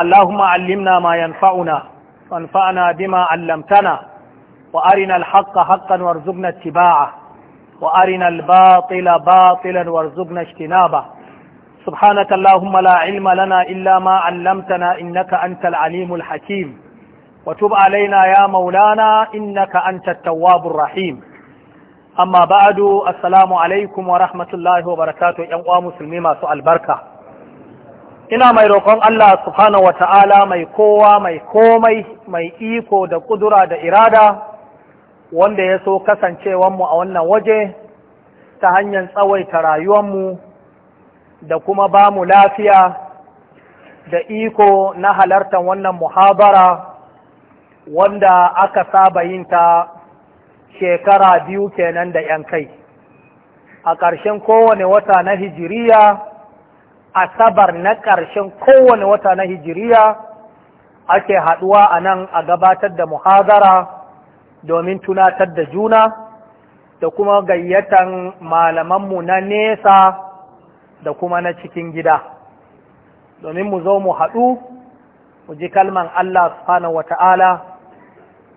اللهم علمنا ما ينفعنا وانفعنا بما علمتنا وارنا الحق حقا وارزقنا اتباعه وارنا الباطل باطلا وارزقنا اجتنابه سبحانك اللهم لا علم لنا الا ما علمتنا انك انت العليم الحكيم وتب علينا يا مولانا انك انت التواب الرحيم اما بعد السلام عليكم ورحمه الله وبركاته يا مسلمين سؤال البركه ina mai roƙon Allah subhanahu wata'ala mai kowa mai komai mai iko da ƙudura da irada wanda ya so kasancewanmu a wannan waje ta hanyar tsawaita rayuwanmu da kuma ba mu lafiya da iko na halartar wannan muhabara wanda aka saba yin ta shekara biyu kenan da ‘yan kai a ƙarshen kowane wata na hijiriya asabar na ƙarshen kowane wata na hijiriya ake haɗuwa a nan a gabatar da muhazara domin tunatar da juna da kuma gayyatan malamanmu na nesa da kuma na cikin gida domin mu zo mu haɗu mu ji kalman Allah subhanahu wata'ala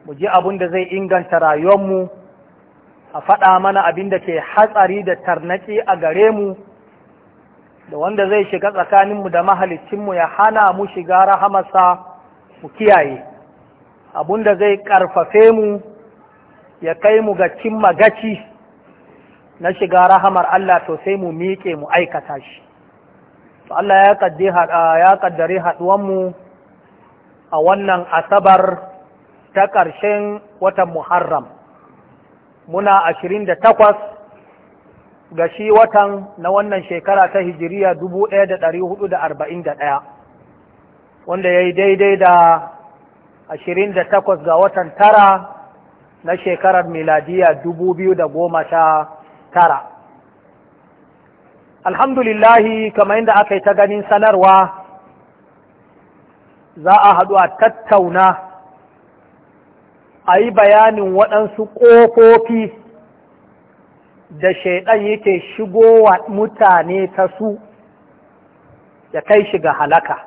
mu ji abin da zai inganta rayuwarmu a faɗa mana abin da ke hatsari da tarnaki a gare mu da wanda zai shiga tsakaninmu da mahalicinmu ya hana mu shiga rahamarsa mu kiyaye da zai ƙarfafe mu ya kai mu ga cimma gaci na shiga rahamar Allah to sai mu miƙe mu aikata shi Allah ya ƙaddari haɗuwanmu a wannan asabar ta ƙarshen watan Muharram muna ashirin da takwas ga shi watan na wannan shekara ta hijiriya 1441 wanda ya yi daidai da ashirin da 28 ga watan tara na shekarar miladiya 2019 alhamdulillahi kamar yadda aka yi ta ganin sanarwa za a haɗu a tattauna a yi bayanin waɗansu ƙofofi da shaidan yake shigowa mutane ta su ya kai shi ga halaka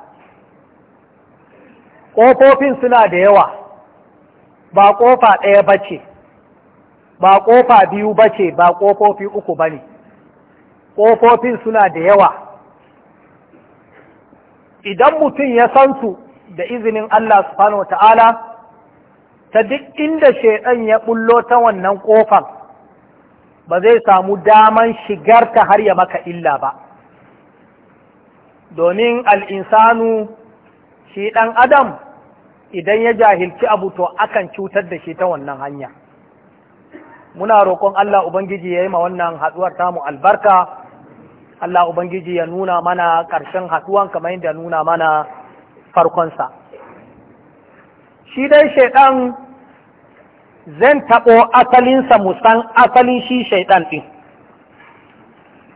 ƙofofin suna da yawa ba ƙofa ɗaya ba ce ba ƙofa biyu ba ce ba ƙofofi uku ba ne ƙofofin suna da yawa idan mutum ya san su da izinin Allah subhanahu wa ta'ala ta duk inda shaiɗan ya bullo ta wannan ƙofan ba zai samu daman shigarta har ya maka illa ba domin al'insanu shi ɗan adam idan ya jahilci abu to akan cutar da shi ta wannan hanya muna roƙon Allah Ubangiji ya yi ma wannan haɗuwar tamu albarka Allah Ubangiji ya nuna mana ƙarshen haɗuwan kamar yadda nuna mana farkonsa shi dai shaiɗan zan taɓo asalinsa mu san asalin shi shaiɗan ɗin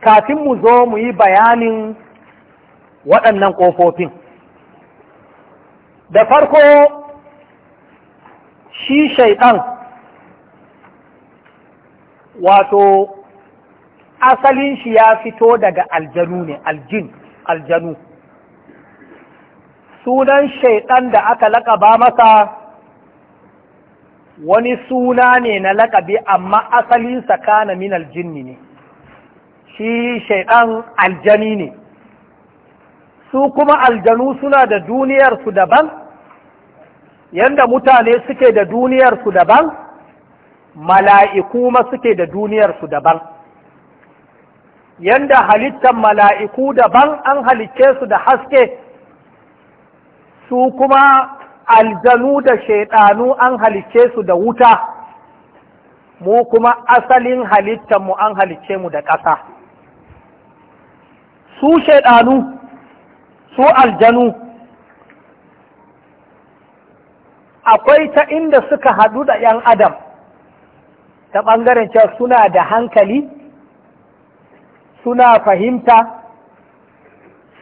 kafin mu zo mu yi bayanin waɗannan ƙofofin da farko shi shaiɗan wato asalin shi ya fito daga aljanu ne aljin aljanu sunan shaiɗan da aka laƙaba masa wani suna ne na lakabi amma asalinsa kana min aljinni ne shi shaidan aljani ne su kuma aljanu suna da duniyarsu daban yadda mutane suke da duniyarsu daban mala'iku ma suke da duniyarsu daban yanda halittar mala'iku daban an halicce su da haske su kuma aljanu da shaidanu an halice su da wuta mu kuma asalin halittanmu an halicce mu da ƙasa su shaidanu su aljanu akwai ta inda suka haɗu da ‘yan adam ta ɓangaren cewa suna da hankali suna fahimta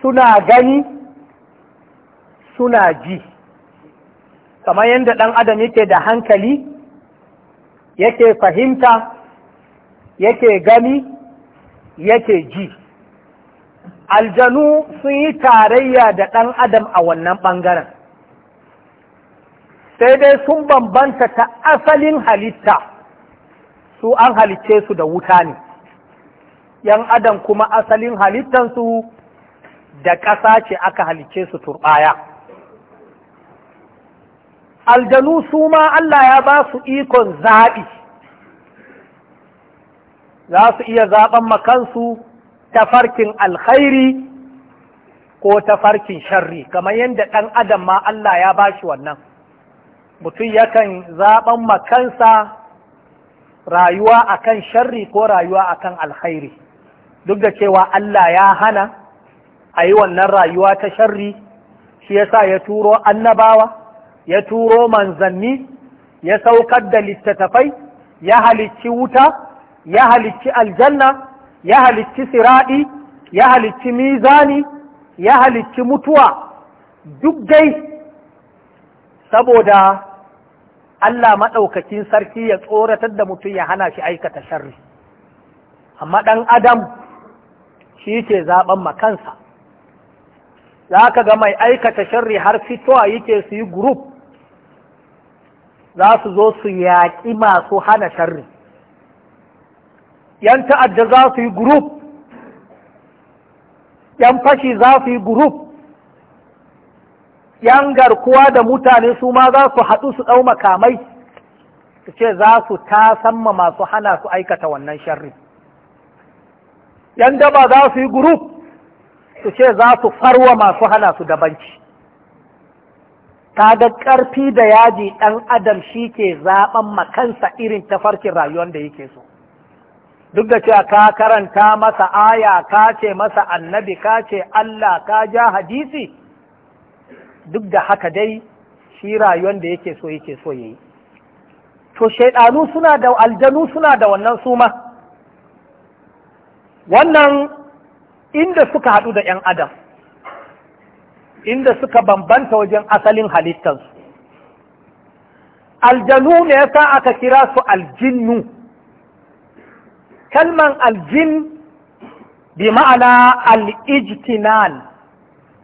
suna gani suna ji kamar yadda ɗan adam yake da hankali yake fahimta yake gani yake ji aljanu sun yi tarayya da ɗan adam a wannan ɓangaren sai dai sun bambanta ta asalin halitta su an halicce su da wuta ne yan adam kuma asalin halittansu da ƙasa ce aka halice su turɓaya aljanu su ma Allah ya ba su ikon zaɓi za su iya zaɓen makansu tafarkin alkhairi ko tafarkin sharri kamar yadda ɗan adam ma Allah ya ba shi wannan mutum yakan zaɓen makansa rayuwa akan sharri ko rayuwa akan alkhairi duk da cewa Allah ya hana a yi wannan rayuwa ta sharri shi yasa ya turo annabawa ya turo manzanni ya saukar da littattafai ya halicci wuta ya halicci aljanna ya halicci siraɗi ya halicci mizani ya halicci mutuwa duk dai saboda Allah maɗaukakin sarki ya tsoratar da mutum ya hana shi aikata sharri amma ɗan adam shi ke zaɓen makansa za ka ga mai aikata sharri har fitowa yake su yi group za su zo su yaƙi masu hana sharri yan ta'adda za su yi group yan fashi za su yi group yan garkuwa da mutane su ma za su haɗu su ɗau makamai su ce za su tasamma masu hana su aikata wannan sharri yan daba za su yi group su ce za su farwa masu hana su dabanci kaga ƙarfi da yaji ɗan adam shi ke zaɓen makansa irin tafarkin rayuwar da yake so duk da cewa ka karanta masa aya ka ce masa annabi ka ce Allah ka ja hadisi duk da haka dai shi rayuwar da yake so yake so yayi to shaidanu suna da aljanu suna da wannan suma wannan inda suka haɗu da ‘yan adam inda suka bambanta wajen asalin halittansu aljanu ne sa aka kira su aljinnu kalman aljin bi ma'ana al'ijtinan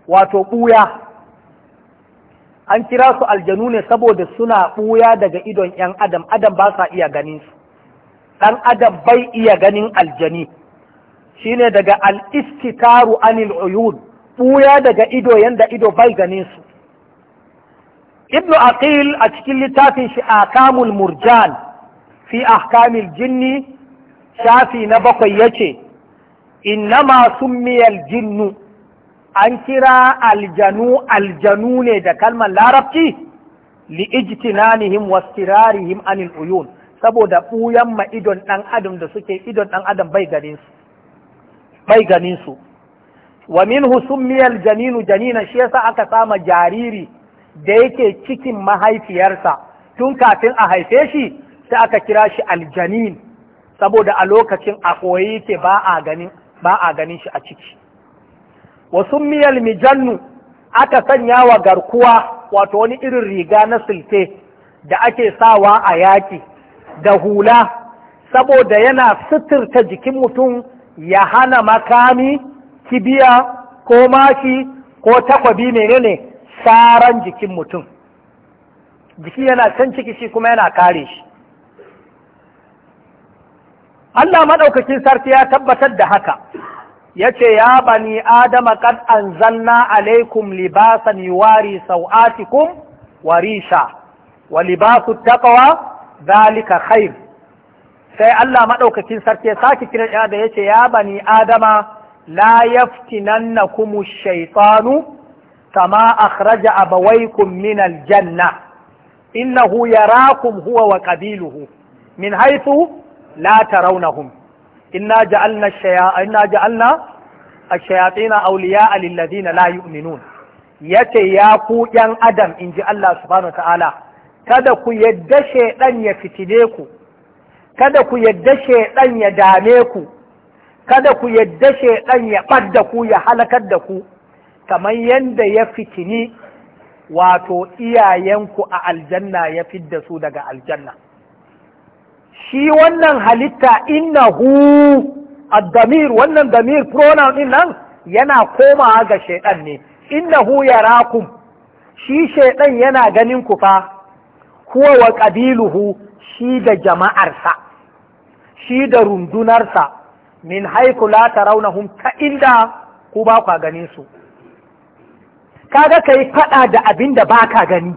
wato ɓuya an kira su aljanu ne saboda suna ɓuya daga idon 'yan adam adam ba sa iya ganin su ɗan adam bai iya ganin aljani shine daga al'istitaru anil uyun ɓuya daga ido yanda ido bai ganin su ibnu aqil a cikin littafin shi akamul murjan fi ahkamil jinni shafi na bakwai yace innama summiyal jinnu an kira aljanu aljanu ne da kalmar larabci li ijtinanihim wastirarihim anil uyun saboda ɓuyan ma idon ɗan adam da suke idon ɗan adam bai ganin su wa minhu summiyal janinu janina shi yasa aka sama jariri da yake cikin mahaifiyarsa tun kafin a haife shi sai aka kira shi aljanin saboda a lokacin a koyi yake ba a ganin shi a ciki wa summiyal mijannu aka sanya wa garkuwa wato wani irin riga na silte da ake sawa a yaki da hula saboda yana suturta jikin mutum ya hana makami kibiya ko mashi ko takwabi menene saran jikin mutum jiki yana can ciki shi kuma yana kare shi Allah maɗaukakin sarki ya tabbatar da haka ya ce ya bani adama kad zanna alaikum libasan yuwari sau'atikum wa risha wa libasu taqwa zalika khair sai Allah maɗaukakin sarki ya sake kiran ya da ya ce ya bani adama لا يفتننكم الشيطان كما أخرج أبويكم من الجنة إنه يراكم هو وقبيله من حيث لا ترونهم إنا جعلنا, الشيا... إنا جعلنا الشياطين أولياء للذين لا يؤمنون yace ya ku ادم adam in ji Allah subhanahu wa ta’ala, kada ku yadda shaidan ya fitile ku, kada kada ku yadda shaidan ya ɓadda ku ya halakar da ku kamar yadda ya fitini wato iyayenku a aljanna ya fidda su daga aljanna shi wannan halitta innahu ad-damir wannan damir pronoun din nan yana komawa ga shaidan ne innahu rakum shi shaidan yana ganin ku fa huwa wa qabiluhu shi da jama'arsa shi da rundunarsa min haiku la tarawnahum ta inda ku ba kwa ganin su kaga kai fada da abin da baka gani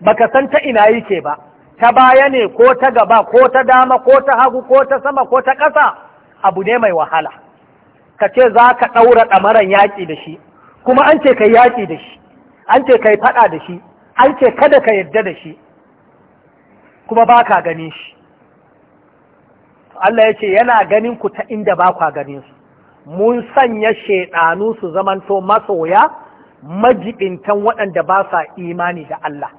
baka san ta ina yake ba ta baya ne ko ta gaba ko ta dama ko ta hagu ko ta sama ko ta ƙasa abu ne mai wahala ka ce za ka ɗaura ɗamaran yaƙi da shi kuma an ce yi yaƙi da shi an ce yi faɗa da shi an ce kada ka yarda da shi kuma ba gani shi Allah ya ce yana ganin ku ta inda ba kwa ganin su mun sanya shaidanu su zamanto masoya majibintan waɗanda ba sa imani da Allah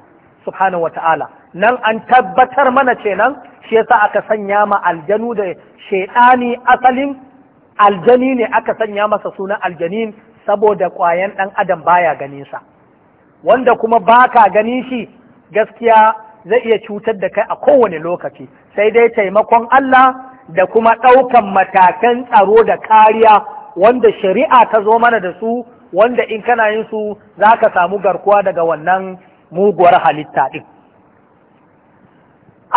subhanahu wata'ala nan an tabbatar mana kenan shi yasa aka sanya ma aljanu da shaidani asalin aljani ne aka sanya masa sunan aljanin saboda ƙwayan ɗan adam baya ganin sa wanda kuma baka ganin shi gaskiya zai iya cutar da kai a kowane lokaci sai dai taimakon Allah da kuma ɗaukan matakan tsaro da kariya wanda shari'a ta zo mana da su wanda in kana yin su za ka samu garkuwa daga wannan muguwar halitta ɗin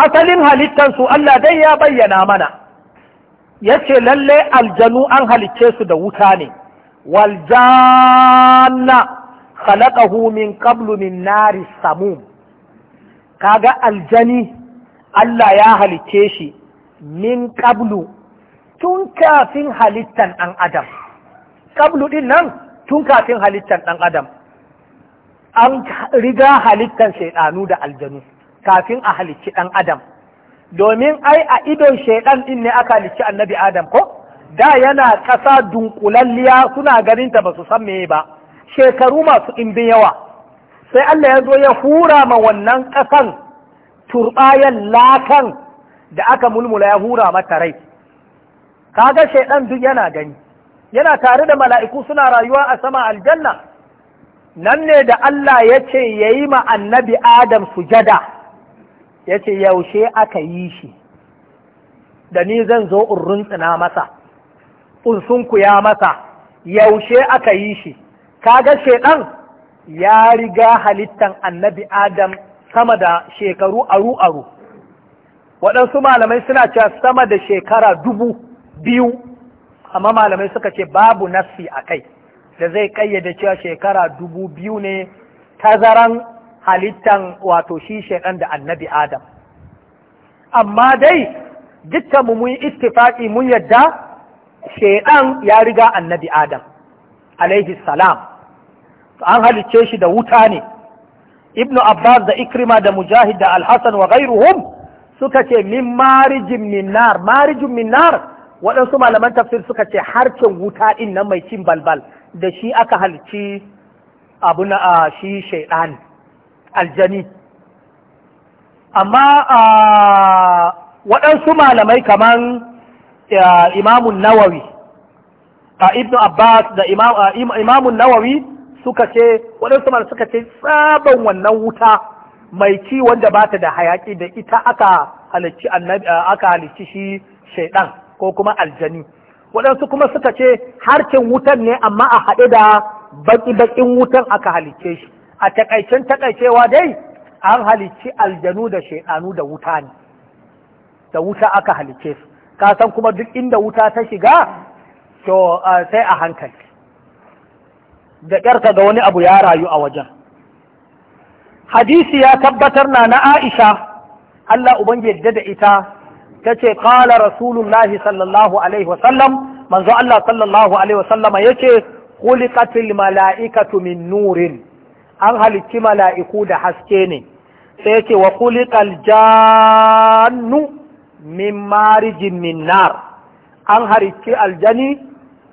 asalin halittansu Allah dai ya bayyana mana ya ce lalle aljanu an halicce su da wuta ne waljanna khalaƙahu min qablu min nari samum kaga aljani Allah ya halice shi min qablu tun kafin halittan ɗan adam qablu ɗin nan tun kafin halittan ɗan adam an riga halittan shaiɗanu da aljanu kafin a halicci ɗan adam domin ai a idon shaiɗan ɗin ne aka halicci annabi adam ko da yana ƙasa dunkulalliya suna ganinta ba su san me ba shekaru masu ɗimbin yawa sai Allah ya zo ya hura ma wannan ƙasan turɓayan lakan da aka mulmula ya hura mata rai kaga shaidan duk yana gani yana tare da mala'iku suna rayuwa a sama aljanna nan ne da Allah ya ce ya yi ma annabi Adam sujada ya ce yaushe aka yi shi da ni zan zo in runtsina masa in sunkuya masa yaushe aka yi shi kaga shaidan ya riga halittan annabi Adam sama da shekaru aru-aru. Waɗansu malamai suna cewa sama da shekara dubu biyu, amma malamai suka ce babu nassi a kai, da zai ƙayyade cewa shekara dubu biyu ne tazaran halittan wato shi shekan da annabi Adam. Amma dai, dukkanmu mun ittifaƙi mun yadda shekan ya riga annabi Adam, alaihi salam. an halicce shi da wuta ne ibnu abbas da ikrima da mujahid da alhassan wa ghairuhum suka ce min marijin minnar marijin minnar waɗansu malaman tafsir suka ce harcen wuta ɗin nan mai cin balbal da shi aka halci abu na a shi shaidan aljani amma a waɗansu malamai kaman imamun nawawi a ibnu abbas da imamun nawawi suka ce waɗansu malamai suka ce tsaban wannan wuta mai ci wanda ba ta da hayaƙi da ita aka halicci shi shaidan ko kuma aljani waɗansu kuma suka ce harkin wutan ne amma a haɗe da baƙi-baƙin wutan aka halicce shi a takaicen takaicewa dai an halicci aljanu da shaidanu da wuta ne da wuta aka halicce su ka san kuma duk inda wuta ta shiga to sai a hankali da ƙyarka ga wani abu ya rayu a wajen hadisi ya tabbatar na na aisha Allah ubangi yadda da ita ta ce ƙala rasulullahi sallallahu alaihi wasallam manzo Allah sallallahu alaihi wasallam ya ce khuliqatil mala'ikatu min nurin an halicci mala'iku da haske ne sai ya ce wa kulikar jannu min marijin min nar an halicci aljani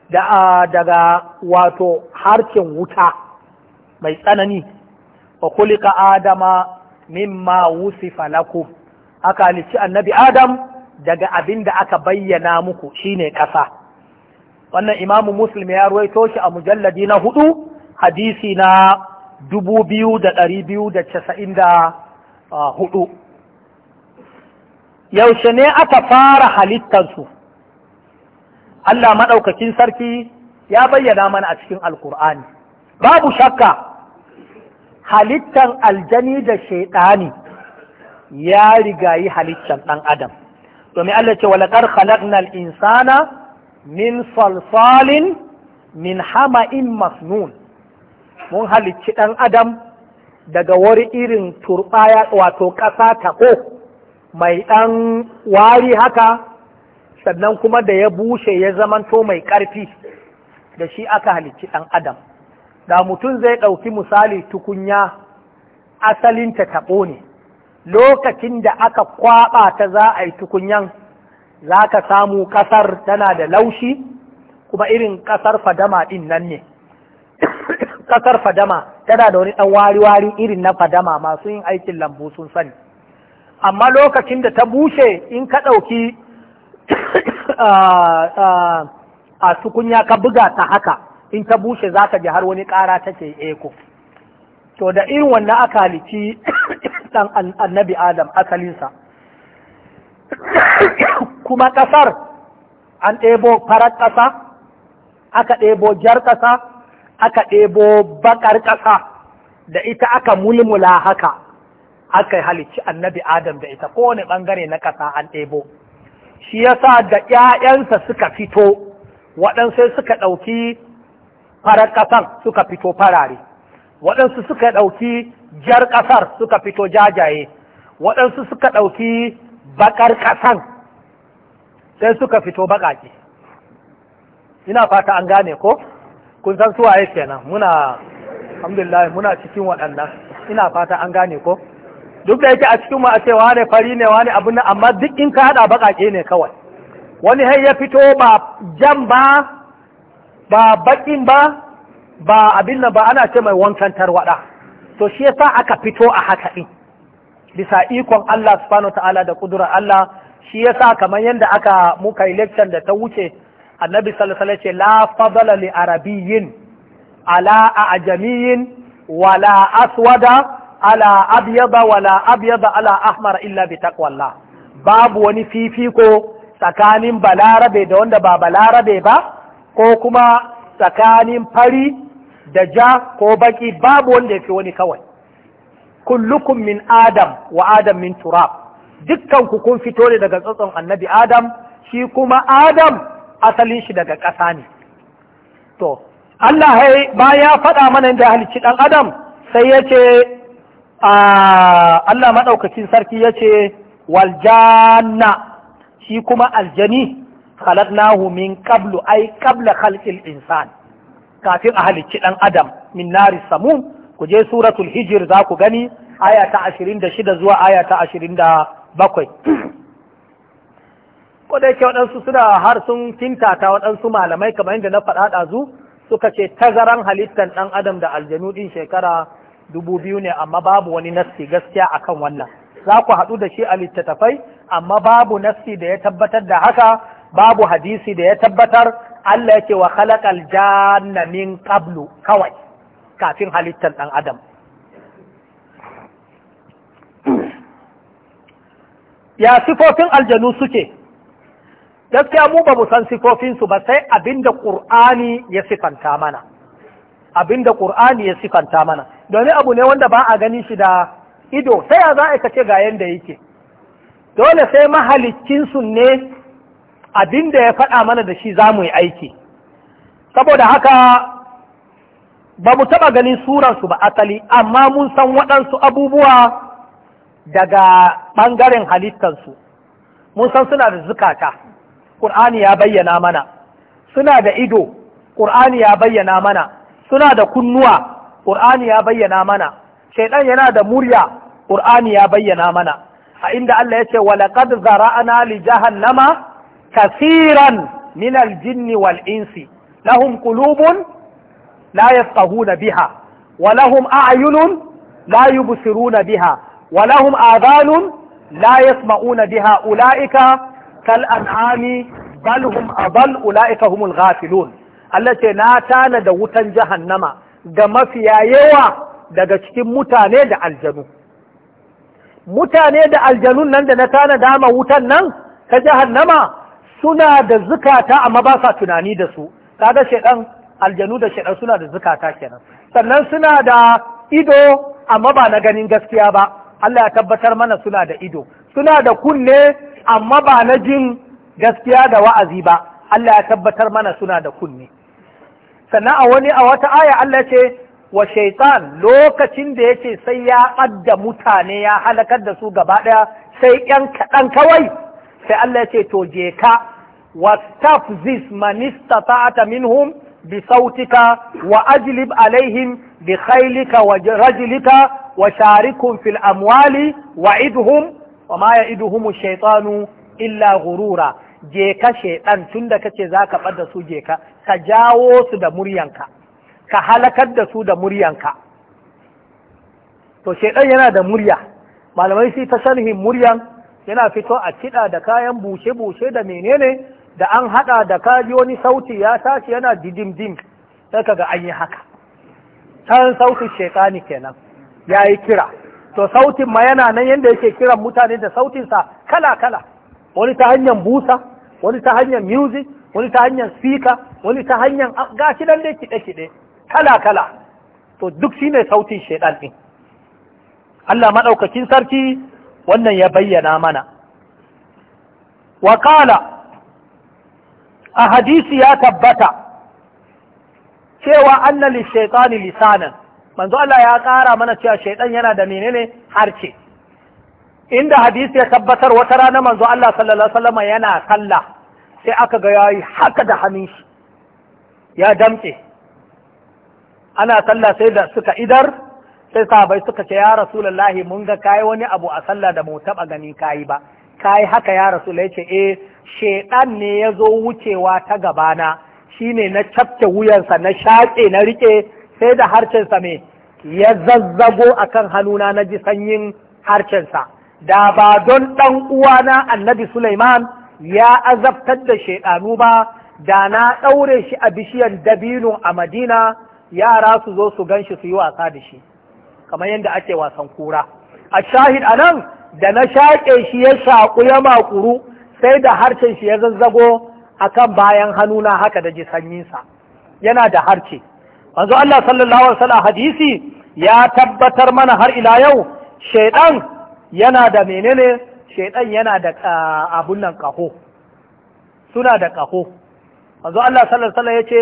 da daga wato harkin wuta mai tsanani wa kulika adama mimma wusifa lakum aka halicci annabi adam daga abin da aka bayyana muku shine kasa. wannan imamu muslim ya ruwaito shi a mujalladi na hudu hadisi na dubu biyu da dari biyu da casa'in da hudu yaushe ne aka fara halittarsu Allah maɗaukakin sarki ya bayyana mana a cikin alkur'ani babu shakka halittan aljani da shaiɗani ya rigayi halittan ɗan adam domin Allah ce walakar khalaqnal insana min salsalin min hama'in masnun mun halicci ɗan adam daga wani irin turɓaya wato ƙasa taɓo mai ɗan wari haka sannan kuma da ya bushe ya zamanto mai ƙarfi da shi aka halicci ɗan adam da mutum zai ɗauki misali tukunya asalin ta taɓo ne lokacin da aka kwaɓa ta za a yi tukunyan za ka samu ƙasar tana da laushi kuma irin ƙasar fadama ɗin nan ne ƙasar fadama tana da wani ɗan wari-wari irin na fadama masu yin aikin lambu sun sani amma lokacin da ta bushe in ka ɗauki Ah, ah, a tukunya ka buga ta haka in ta bushe za ka ji har wani ƙara take eko to da irin wannan aka halici ɗan annabi adam asalinsa kuma ƙasar an ɗebo farar ƙasa aka ɗebo jar ƙasa aka ɗebo baƙar ƙasa da ita aka mulmula haka aka halicci annabi adam da ita kowane ɓangare na ƙasa an ɗebo shi yasa da ‘ya'yansa suka fito waɗansu suka ɗauki farar ƙasar suka fito farare waɗansu suka ɗauki jar ƙasar suka fito jajaye waɗansu suka ɗauki baƙar ƙasar sai suka fito baƙaƙe ina fata an gane ko kun san suwaye kenan muna alhamdulillah muna cikin waɗannan ina fata an gane ko duk da yake a cikin mu a ce wane fari ne wane abu nan amma duk in ka hada bakake ne kawai wani har ya fito ba jan ba ba bakin ba ba abin nan ba ana ce mai wankan tarwada to shi yasa aka fito a haka din bisa ikon Allah subhanahu ta'ala da kudura Allah shi yasa kamar yadda aka muka election da ta wuce annabi sallallahu alaihi wasallam ce la fadala li arabiyyin ala ajamiyyin wala aswada ala abyada wala abyada ala ahmar illa bi taqwallah babu wani fifiko tsakanin balarabe da wanda ba balarabe ba ko kuma tsakanin fari da ja ko baki babu wanda ya fi wani kawai kullukum min adam wa adam min turab dukkanku kun fito ne daga tsatson annabi adam shi kuma adam asalin shi daga ƙasa ne to Allah ya faɗa mana da halicci ɗan adam sai ya ce Allah maɗaukacin sarki ya ce waljanna shi kuma aljani nahu min qablu ai qabla khalqil insan kafin a halicci ɗan adam min nari samu ku je suratul hijir za ku gani aya ta shida zuwa aya ta bakwai. ko da yake waɗansu suna har sun kintata waɗansu malamai kamar yadda na faɗa ɗazu suka ce tazaran halittar ɗan adam da aljanu ɗin shekara dubu biyu ne amma babu wani nassi gaskiya akan wannan za ku haɗu da shi a littattafai amma babu nassi da ya tabbatar da haka babu hadisi da ya tabbatar Allah yake wa khalaqal janna min qablu kawai kafin halittar ɗan adam ya sifofin aljanu suke gaskiya mu ba mu san sifofinsu ba sai abinda ƙur'ani ya sifanta mana Abin da Qur'ani ya sifanta mana domin abu ne wanda ba a gani shi da ido sai ya za a kace ga yanda yake dole sai mahalicin su ne abinda ya faɗa mana da shi za mu yi aiki saboda haka ba mu taɓa ganin suransu ba asali amma mun san waɗansu abubuwa daga ɓangaren halittansu mun san suna da zukata ƙur'ani ya bayyana mana suna da ido ƙur'ani ya bayyana mana suna da kunnuwa ƙur'ani ya bayyana mana shaidan yana da murya ƙur'ani ya bayyana mana a inda Allah ya ce walaqad zara'ana li jahannama kasiran min al jinn wal insi lahum qulubun la yafqahuna biha wa lahum a'yunun la yubsiruna biha wa lahum adhanun la yasma'una biha ulaika kal an'ami bal hum adall ulaika humul ghafilun Allah ce na tana da wutan jahannama ga mafiya yawa daga cikin mutane da aljanu mutane da aljanun nan da na tana dama wutan nan ta jahannama suna da zukata amma ba sa tunani da su kaga shaɗan aljanu da shaɗan suna da zukata kenan sannan suna da ido amma ba na ganin gaskiya ba Allah ya tabbatar mana suna da ido suna da kunne amma ba na jin gaskiya da wa'azi ba Allah ya tabbatar mana suna da kunne sannan a wani a wata aya Allah ce wa shaitan lokacin da yace sai ya adda mutane ya halakar da su gaba ɗaya sai yan kaɗan kawai sai Allah ya ce to je ka wastafzis man istata'ta minhum bi sautika wa ajlib alaihim bi khailika wa rajlika wa sharikum fil amwali wa idhum wa ma ya'iduhum shaytanu illa ghurura je ka shaitan tunda kace zaka fadda su je ka ka jawo su da muryanka ka halakar da su da muryanka to shaidan yana da murya malamai sai ta sharhin muryan yana fito a kiɗa da kayan bushe-bushe da menene da an haɗa da kaji wani sauti ya tashi yana didim-dim sai ka ga an yi haka can sautin shekani kenan ya yi kira to sautin ma yana nan yadda yake kiran mutane da sautinsa kala-kala wani ta hanyar busa wani ta hanyar music wani ta hanyar sika wani ta hanyar gashi nan dai kiɗe kiɗe kala kala to duk shine sautin shaidan ɗin. Allah maɗaukakin sarki wannan ya bayyana mana wakala a hadisi ya tabbata cewa anna lishaitani lisanan manzo Allah ya ƙara mana cewa shaidan yana da menene harce inda hadisi ya tabbatar wata rana manzo Allah sallallahu alaihi yana sallah sai aka ga yayi haka da hannun shi ya damke ana sallah sai da suka idar sai sahabai suka ce ya rasulullahi mun ga kayi wani abu a sallah da mu taba gani kayi ba kayi haka ya rasulullahi ce eh shedan ne ya zo wucewa ta gabana shine na cafke wuyansa na shaƙe na rike sai da harcensa me ya zazzago akan hannuna na ji sanyin harcensa da ba don dan uwana annabi suleiman. ya azabtar da shaidanu ba da na ɗaure shi a bishiyar dabino a madina yara su zo su gan shi su yi wasa da shi kamar yadda ake wasan kura a shahid a nan da na shaƙe shi ya shaƙu ya makuru sai da harshen shi ya zazzago a kan bayan hannuna haka da ji yana da harce wanzu Allah sallallahu alaihi hadisi ya tabbatar mana har ila yau shaidan yana da menene shaiɗan yana da abun nan kaho suna da kaho manzo Allah sallallahu alaihi yace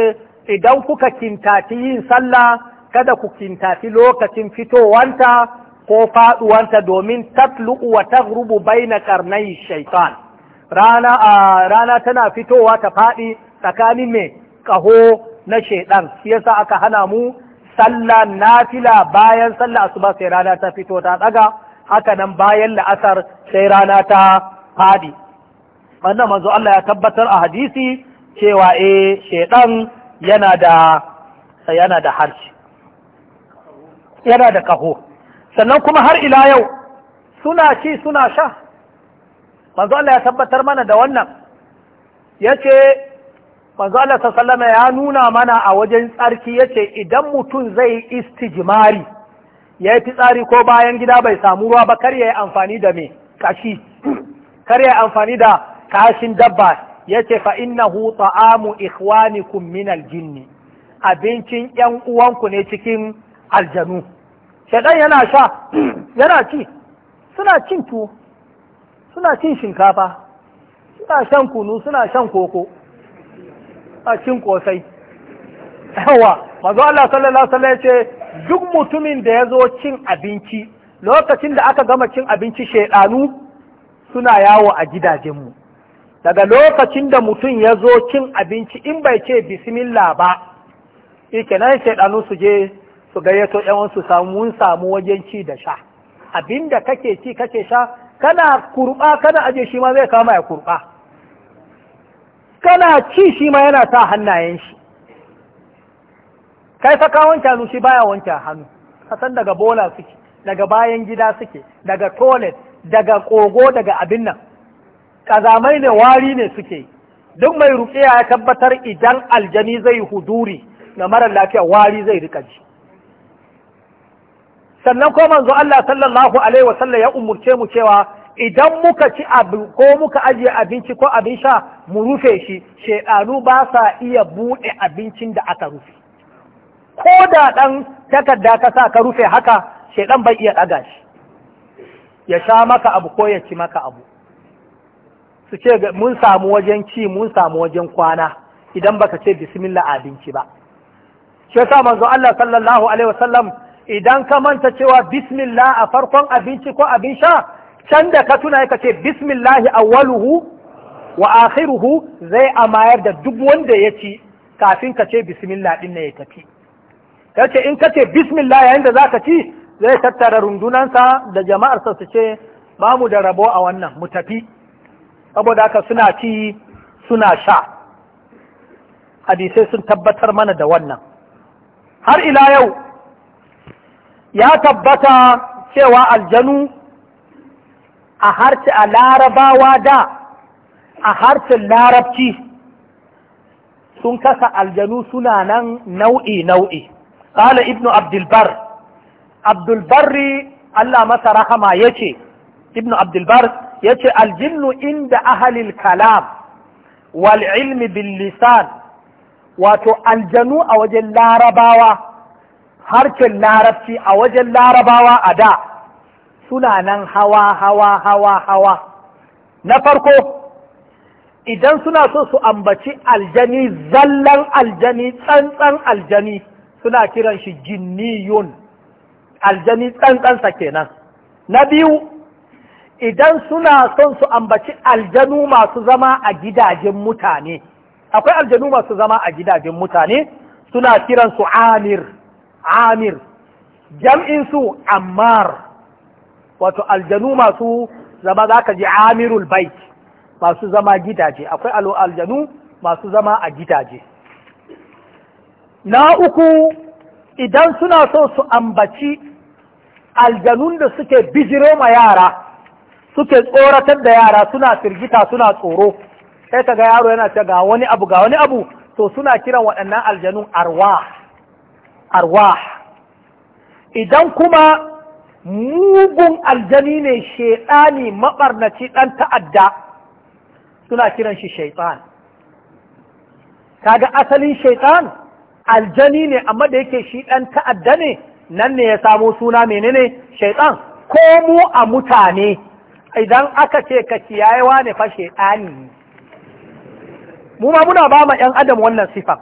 idan kuka kintati yin sallah kada ku kintati lokacin fitowanta ko faɗuwanta domin tatlu wa taghrubu baina qarnai shaitan rana tana fitowa ta faɗi tsakanin mai kaho na shaiɗan shi yasa aka hana mu sallah nafila bayan sallah asuba sai rana ta fito ta daga haka nan bayan la'asar sai rana ta fadi wannan manzo Allah ya tabbatar a hadisi cewa eh shedan yana da yana da harshe yana da kaho sannan kuma har ila yau suna ci suna sha manzo Allah ya tabbatar mana da wannan yace manzo Allah sallama ya nuna mana a wajen tsarki yace idan mutum zai istijmari ya yi fitsari ko bayan gida bai samu ruwa ba kar ya yi amfani da me kashi kar ya yi amfani da kashin dabba ya ce fa innahu ta'amu ikhwanikum min aljinni abincin yan uwanku ne cikin aljanu shaidan yana sha yana ci suna cin tuwo suna cin shinkafa suna shan kunu suna shan koko a cin kosai yawa mazo Allah sallallahu alaihi wasallam ya ce duk mutumin da ya zo cin abinci lokacin da aka gama cin abinci shaidanu suna yawo a gidajenmu daga lokacin da mutum ya zo cin abinci in bai ce bismillah ba ike nan shaidanu su je su gayyato yawan su samu mun samu wajen ci da sha abinda kake ci kake sha kana kurba kana aje shi ma zai kama ya kurba kana ci shi ma yana sa hannayen shi kai fa ka wanke hannu shi baya wanke hannu kasan daga bola suke daga bayan gida suke daga toilet daga kogo daga abin nan kazamai ne wari ne suke duk mai rukiya ya tabbatar idan aljani zai huduri na marar lafiya wari zai rika ji sannan ko manzo Allah sallallahu alaihi wasallam ya umurce mu cewa idan muka ci abu ko muka ajiye abinci ko abin sha mu rufe shi shedanu ba sa iya bude abincin da aka rufe ko da ɗan takarda ka sa ka rufe haka shaidan bai iya ɗaga shi ya sha maka abu ko ya ci maka abu su ce mun samu wajen ci mun samu wajen kwana idan baka ce bismillah abinci ba shi yasa manzo Allah sallallahu alaihi wasallam idan ka manta cewa bismillah a farkon abinci ko abin sha can da ka tuna ka ce bismillahi awwaluhu wa akhiruhu zai amayar da duk wanda ya ci kafin ka ce bismillah din ya tafi ce in kace bismillah yayin da zaka ci zai tattara rundunansa da sa su ce ba mu da rabo a wannan mu tafi saboda haka suna ci suna sha hadisai sun tabbatar mana da wannan har ila yau ya tabbata cewa aljanu a harce a larabawa da a harcin larabci sun kasa aljanu suna nan nau'i-nau'i قال ابن عبد البر عبد البر الله مسا رحمه يجي ابن عبد البر يجي الجن عند أهل الكلام والعلم باللسان wato aljanu a wajen larabawa harcin larabci a wajen larabawa a da suna nan hawa hawa hawa hawa na farko idan suna so su ambaci aljani zallan aljani tsantsan aljani suna kiran shi jinniyun aljani tsantsansa kenan na biyu idan suna son su ambaci aljanu masu zama a gidajen mutane akwai aljanu masu zama a gidajen mutane suna kiran su amir amir jam'in su ammar wato aljanu masu zama za ka ji amirul bait masu zama gidaje akwai aljanu masu zama a gidaje na uku idan suna so su ambaci aljanun da suke bijiro ma yara suke tsoratar da yara suna firgita suna tsoro sai ka ga yaro yana ce ga wani abu ga wani abu to suna kiran waɗannan aljanun arwa arwa idan kuma mugun aljani ne shaiɗani maɓarnaci ɗan ta'adda suna kiran shi shaitan kaga asalin shaitan aljani ne amma da yake shi ɗan ta'adda ne nan ne ya samo suna menene shaiɗan ko mu a mutane idan aka ce ka kiyayewa ne fa shaitani mu ma muna ba ma 'yan adam wannan sifa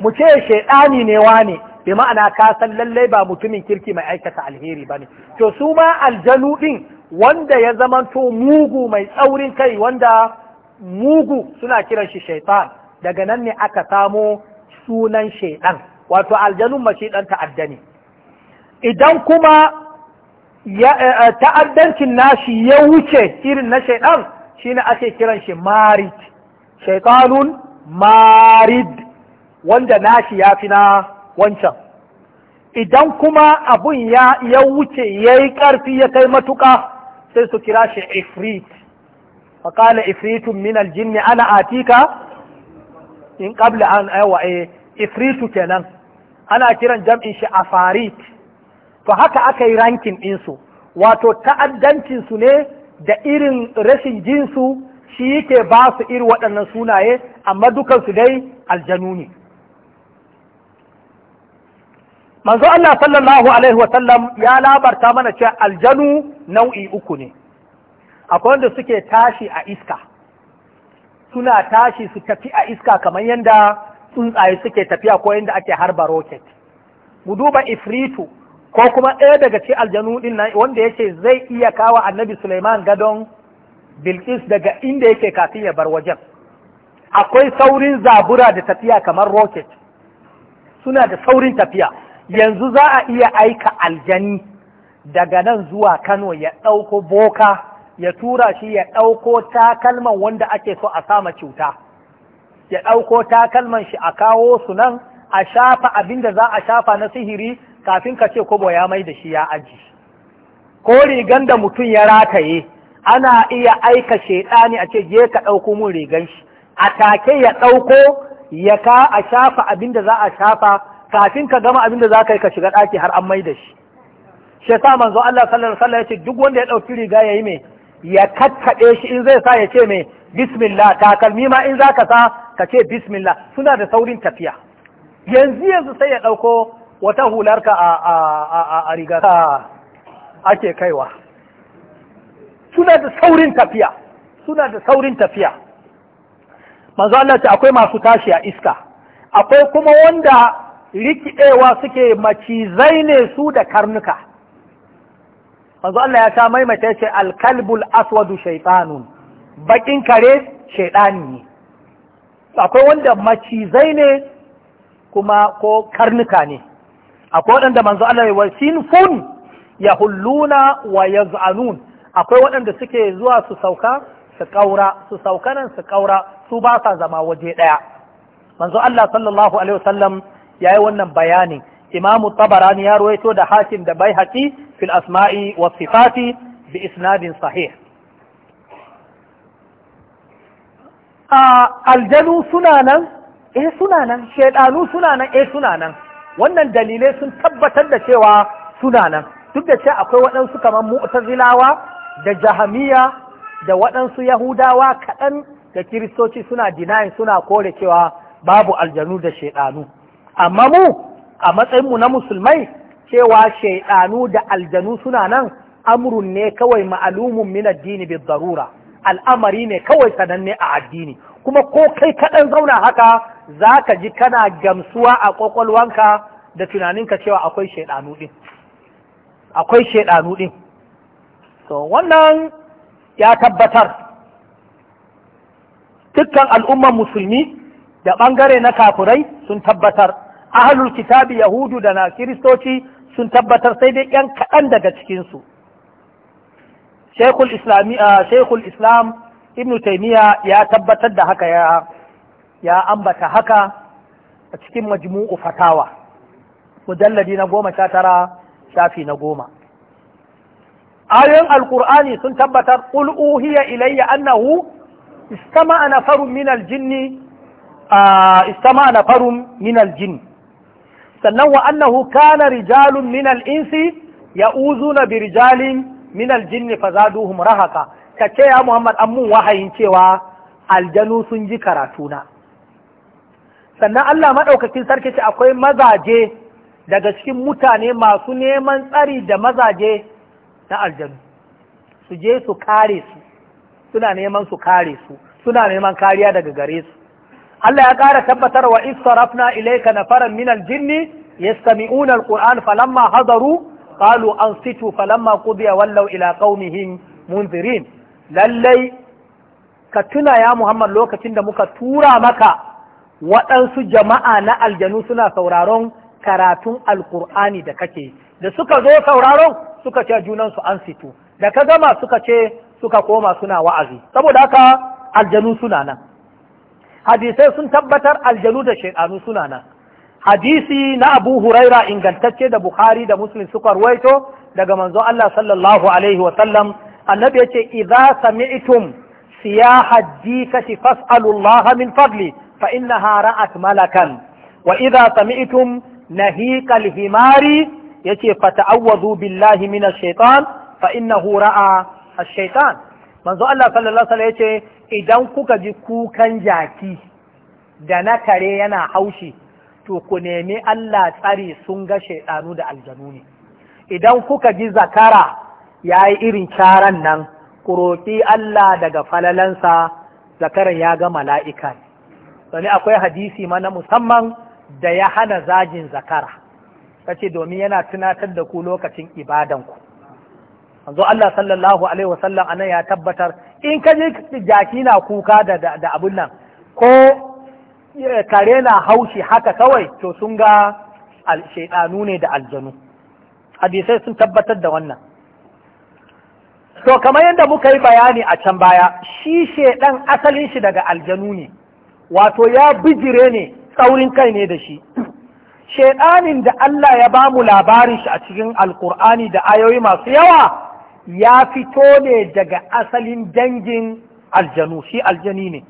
mu ce shaiɗani ne wane bi ma'ana ka san lallai ba mutumin kirki mai aikata alheri ba ne to su ma aljanu ɗin wanda ya zamanto mugu mai tsaurin kai wanda mugu suna kiran shi shaitan daga nan ne aka samo sunan shaidan wato aljanun ma ta'adda ne idan kuma eh, eh, ta'addancin nashi ya wuce irin na shaidan shine ake kiran shi marid shaitanun marid wanda nashi ya fi na wancan idan kuma abun ya wuce ya yi ƙarfi ya kai matuƙa sai su kira shi ifrit faƙala ifritun min aljinni ana atika in qabla an aiwa e eh, ifritu kenan ana kiran jam'in shi afarit to haka aka yi rankin ɗinsu wato ta'addancinsu ne da irin rashin jinsu shi yake ba su iri waɗannan sunaye amma dukansu dai aljanu ne manzo Allah sallallahu alaihi wasallam ya labarta mana cewa aljanu nau'i uku ne akwai wanda suke tashi a iska suna tashi su tafi a iska kamar yadda tsuntsaye suke tafiya ko yadda ake harba rocket guduba ifritu ko kuma ɗaya daga cikin aljanu din nan wanda yake zai iya kawo annabi Suleiman gadon Bilkis daga inda yake kafin ya bar wajen akwai saurin zabura da tafiya kamar rocket suna da saurin tafiya yanzu za a iya aika aljani daga nan zuwa Kano ya ɗauko boka ya tura shi ya ɗauko takalman wanda ake so a sama cuta ya ɗauko takalman shi a kawo su nan a shafa abinda za a shafa na sihiri kafin ka ce kobo ya mai da shi ya aji ko rigan da mutum ya rataye ana iya aika shaiɗani a ce je ka ɗauko mun rigan shi a take ya ɗauko ya ka a shafa abin za a shafa kafin ka gama abin da za ka yi ka shiga ɗaki har an mai da shi shi yasa manzo Allah sallallahu alaihi wasallam yace duk wanda ya ɗauki riga yayi mai. ya kakkaɗe shi in zai sa ya ce mai bismillah takalmi ma in za ka sa ka ce bismillah suna da saurin tafiya yanzu yanzu sai ya ɗauko wata hularka a a a riga ake kaiwa suna da saurin tafiya suna da saurin tafiya manzo Allah ce akwai masu tashi a iska akwai kuma wanda rikidewa suke macizai ne su da karnuka manzo Allah ya ta maimaita ce alkalbul aswadu shaitanun bakin kare shaitani ne akwai wanda macizai ne kuma ko karnuka ne akwai waɗanda manzo Allah ya wasin fun ya wa yaz'anun akwai waɗanda suke zuwa su sauka su kaura su sauka nan su kaura su ba sa zama waje ɗaya manzo Allah sallallahu alaihi wasallam yayi wannan bayanin imamu tabarani ya ruwaito da hakim da bai haƙi fil asma'i wa sifati bi isnadin sahih a aljanu suna nan eh suna nan shaidanu suna nan eh suna nan wannan dalilai sun tabbatar da cewa suna nan duk da cewa akwai waɗansu kamar mu'tazilawa da jahamiya da waɗansu yahudawa kaɗan da kiristoci suna dinayin suna kore cewa babu aljanu da shaiɗanu amma mu a matsayinmu na musulmai cewa shaidanu da aljanu suna nan amrun ne kawai ma'alumin min addini bi darura al'amari ne kawai sananne a addini kuma ko kai kaɗan zauna haka za ka ji kana gamsuwa a ƙwaƙwalwanka da tunaninka cewa akwai shaiɗanu ɗin akwai shaiɗanu ɗin so wannan ya tabbatar dukkan al'ummar musulmi da ɓangare na kafurai sun tabbatar ahlul kitabi yahudu da na kiristoci sun tabbatar sai dai yan kaɗan daga cikinsu shekul ah, islam ibn taimiyya ya tabbatar da haka ya ya ambata haka a cikin majmu'u fatawa mujalladi na goma sha tara shafi na goma ayoyin alkur'ani sun tabbatar qul uhiya ilayya annahu istama'a nafarun min aljinni ah, istama'a nafarun min aljinni sannan wa annahu kana rijalun min al-insi na bi rijalin min al-jinni fazaduhum rahaka ce ya Muhammad an mun wahayin cewa aljanu sun ji karatuna sannan Allah maɗaukakin sarki ce akwai mazaje daga cikin mutane masu neman tsari da mazaje na aljanu su je su kare su suna neman su kare su suna neman kariya daga gare su Allah ya ƙara tabbatar wa istarafna ilayka nafaran ya sami unar alquran falamma hadaru qalu ansitu falamma qudiya wallau ila ƙaunihin munzirin lallai ka tuna ya Muhammad lokacin da muka tura maka waɗansu jama'a na aljanu suna sauraron karatun alkur'ani da kake da suka zo sauraron suka ce junansu an situ da ka gama suka ce suka koma suna wa'azi saboda haka aljanu suna nan hadisai sun tabbatar aljanu da shaidanu suna nan hadisi na abu huraira ingantacce da bukhari da muslim suka ruwaito daga manzo Allah sallallahu alaihi wa sallam annabi yace idza sami'tum siyaha dikati fas'alu Allah min fadli fa innaha ra'at malakan wa idza sami'tum nahiqa al-himari yace fata'awwadhu billahi minash shaitan fa innahu ra'a ash-shaytan manzo Allah sallallahu alaihi wa sallam yace idan kuka ji kukan jaki da na kare yana haushi to ku nemi Allah tsari sun ga shaidanu da aljanu ne idan kuka ji zakara ya yi irin caran nan ku roƙi Allah daga falalansa zakaran ya ga mala'ika Sani akwai hadisi mana musamman da ya hana zajin zakara ce domin yana tunatar da ku lokacin ibadanku. ku Allah sallallahu alaihi wasallam anan ya tabbatar in ka ji jaki na kuka da abin nan ko eh, kare na haushi haka kawai to sun ga shaidanu ne da aljanu hadisai sun tabbatar da wannan to kamar yadda muka yi bayani a can baya shi shaidan asalin shi daga aljanu ne wato ya bijire ne tsaurin kai ne da shi shaidanin da Allah ya ba mu labarin shi a cikin alkur'ani da ayoyi masu yawa ya fito ne daga asalin dangin aljanu shi aljani ne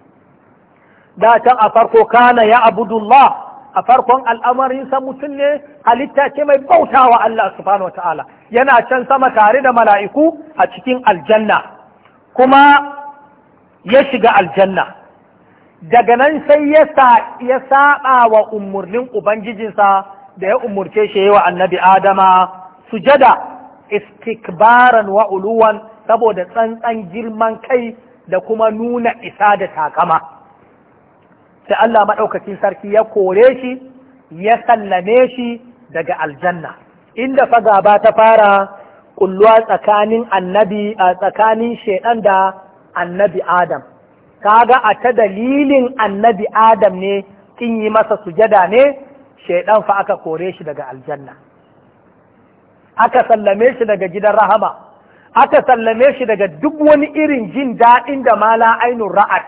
da can a farko kana ya abudullah a farkon al'amarinsa mutum ne halitta ce mai bautawa Allah subhanahu wa ta'ala yana can sama tare da mala'iku a cikin aljanna kuma ya shiga aljanna daga nan sai ya saba wa umarnin ubangijinsa da ya umarce shi wa annabi adama sujada istikbaran wa uluwan saboda tsantsan girman kai da kuma nuna isa da takama sai Allah maɗaukacin sarki ya kore shi ya sallame shi daga aljanna inda fa gaba ta fara kulluwa tsakanin annabi a tsakanin shaidan da annabi adam kaga a ta dalilin annabi adam ne kin yi masa sujada ne shaidan fa aka kore shi daga aljanna aka sallame shi daga gidan rahama aka sallame shi daga duk wani irin jin daɗin da ma la ainun ra'at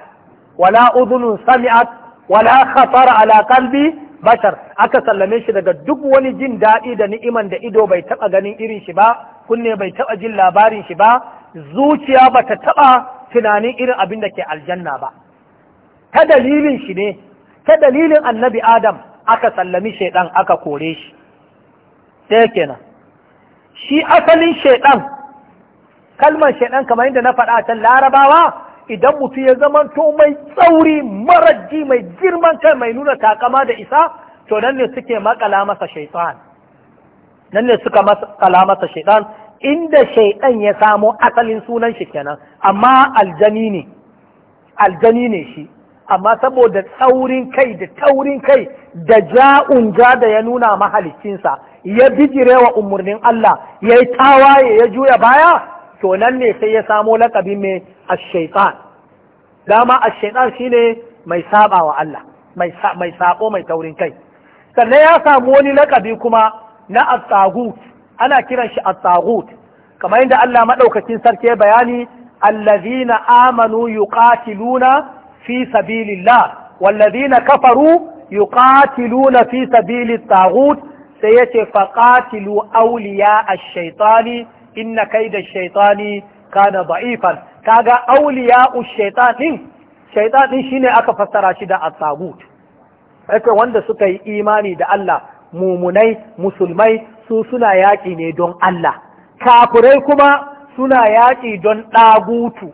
wala uzunun sami'at wala khatara ala qalbi bashar aka sallame shi daga duk wani jin daɗi da ni'iman da ido bai taɓa ganin irin shi ba kunne bai taɓa jin labarin shi ba zuciya ba ta taɓa tunanin irin abin da ke aljanna ba ta dalilin shi ne ta dalilin annabi adam aka sallami shaidan aka kore shi sai kenan shi asalin shaidan kalmar shaidan kamar yadda na faɗa ta larabawa idan mutum ya zamanto mai tsauri maraji mai girman kai mai nuna takama da isa to nan ne suke makala masa shaitan nan ne suka makala masa shaitan inda shaitan ya samo asalin sunan shi kenan amma aljani ne aljani ne shi amma saboda tsaurin kai da taurin kai da ja'un ja da ya nuna mahalicinsa ya bijire wa umarnin Allah ya yi tawaye ya juya baya to nan ne sai ya samo lakabi mai ashaitan dama ashaitan shine mai saba wa Allah mai sako mai taurin kai sannan ya samu wani lakabi kuma na attagut ana kiran shi attagut kamar yadda Allah maɗaukacin sarki ya bayani allazina amanu yuqatiluna fi sabilillah wallazina kafaru yuqatiluna fi sabilit tagut sai ya ce faƙatilu auliya a shaitani inna kai da shaitani kana ba'ifan ga auliya a shaitanin shaitanin shine aka fasara shi da asabut aka wanda suka yi imani da Allah mumunai musulmai su suna yaƙi ne don Allah kafurai kuma suna yaƙi don ɗagutu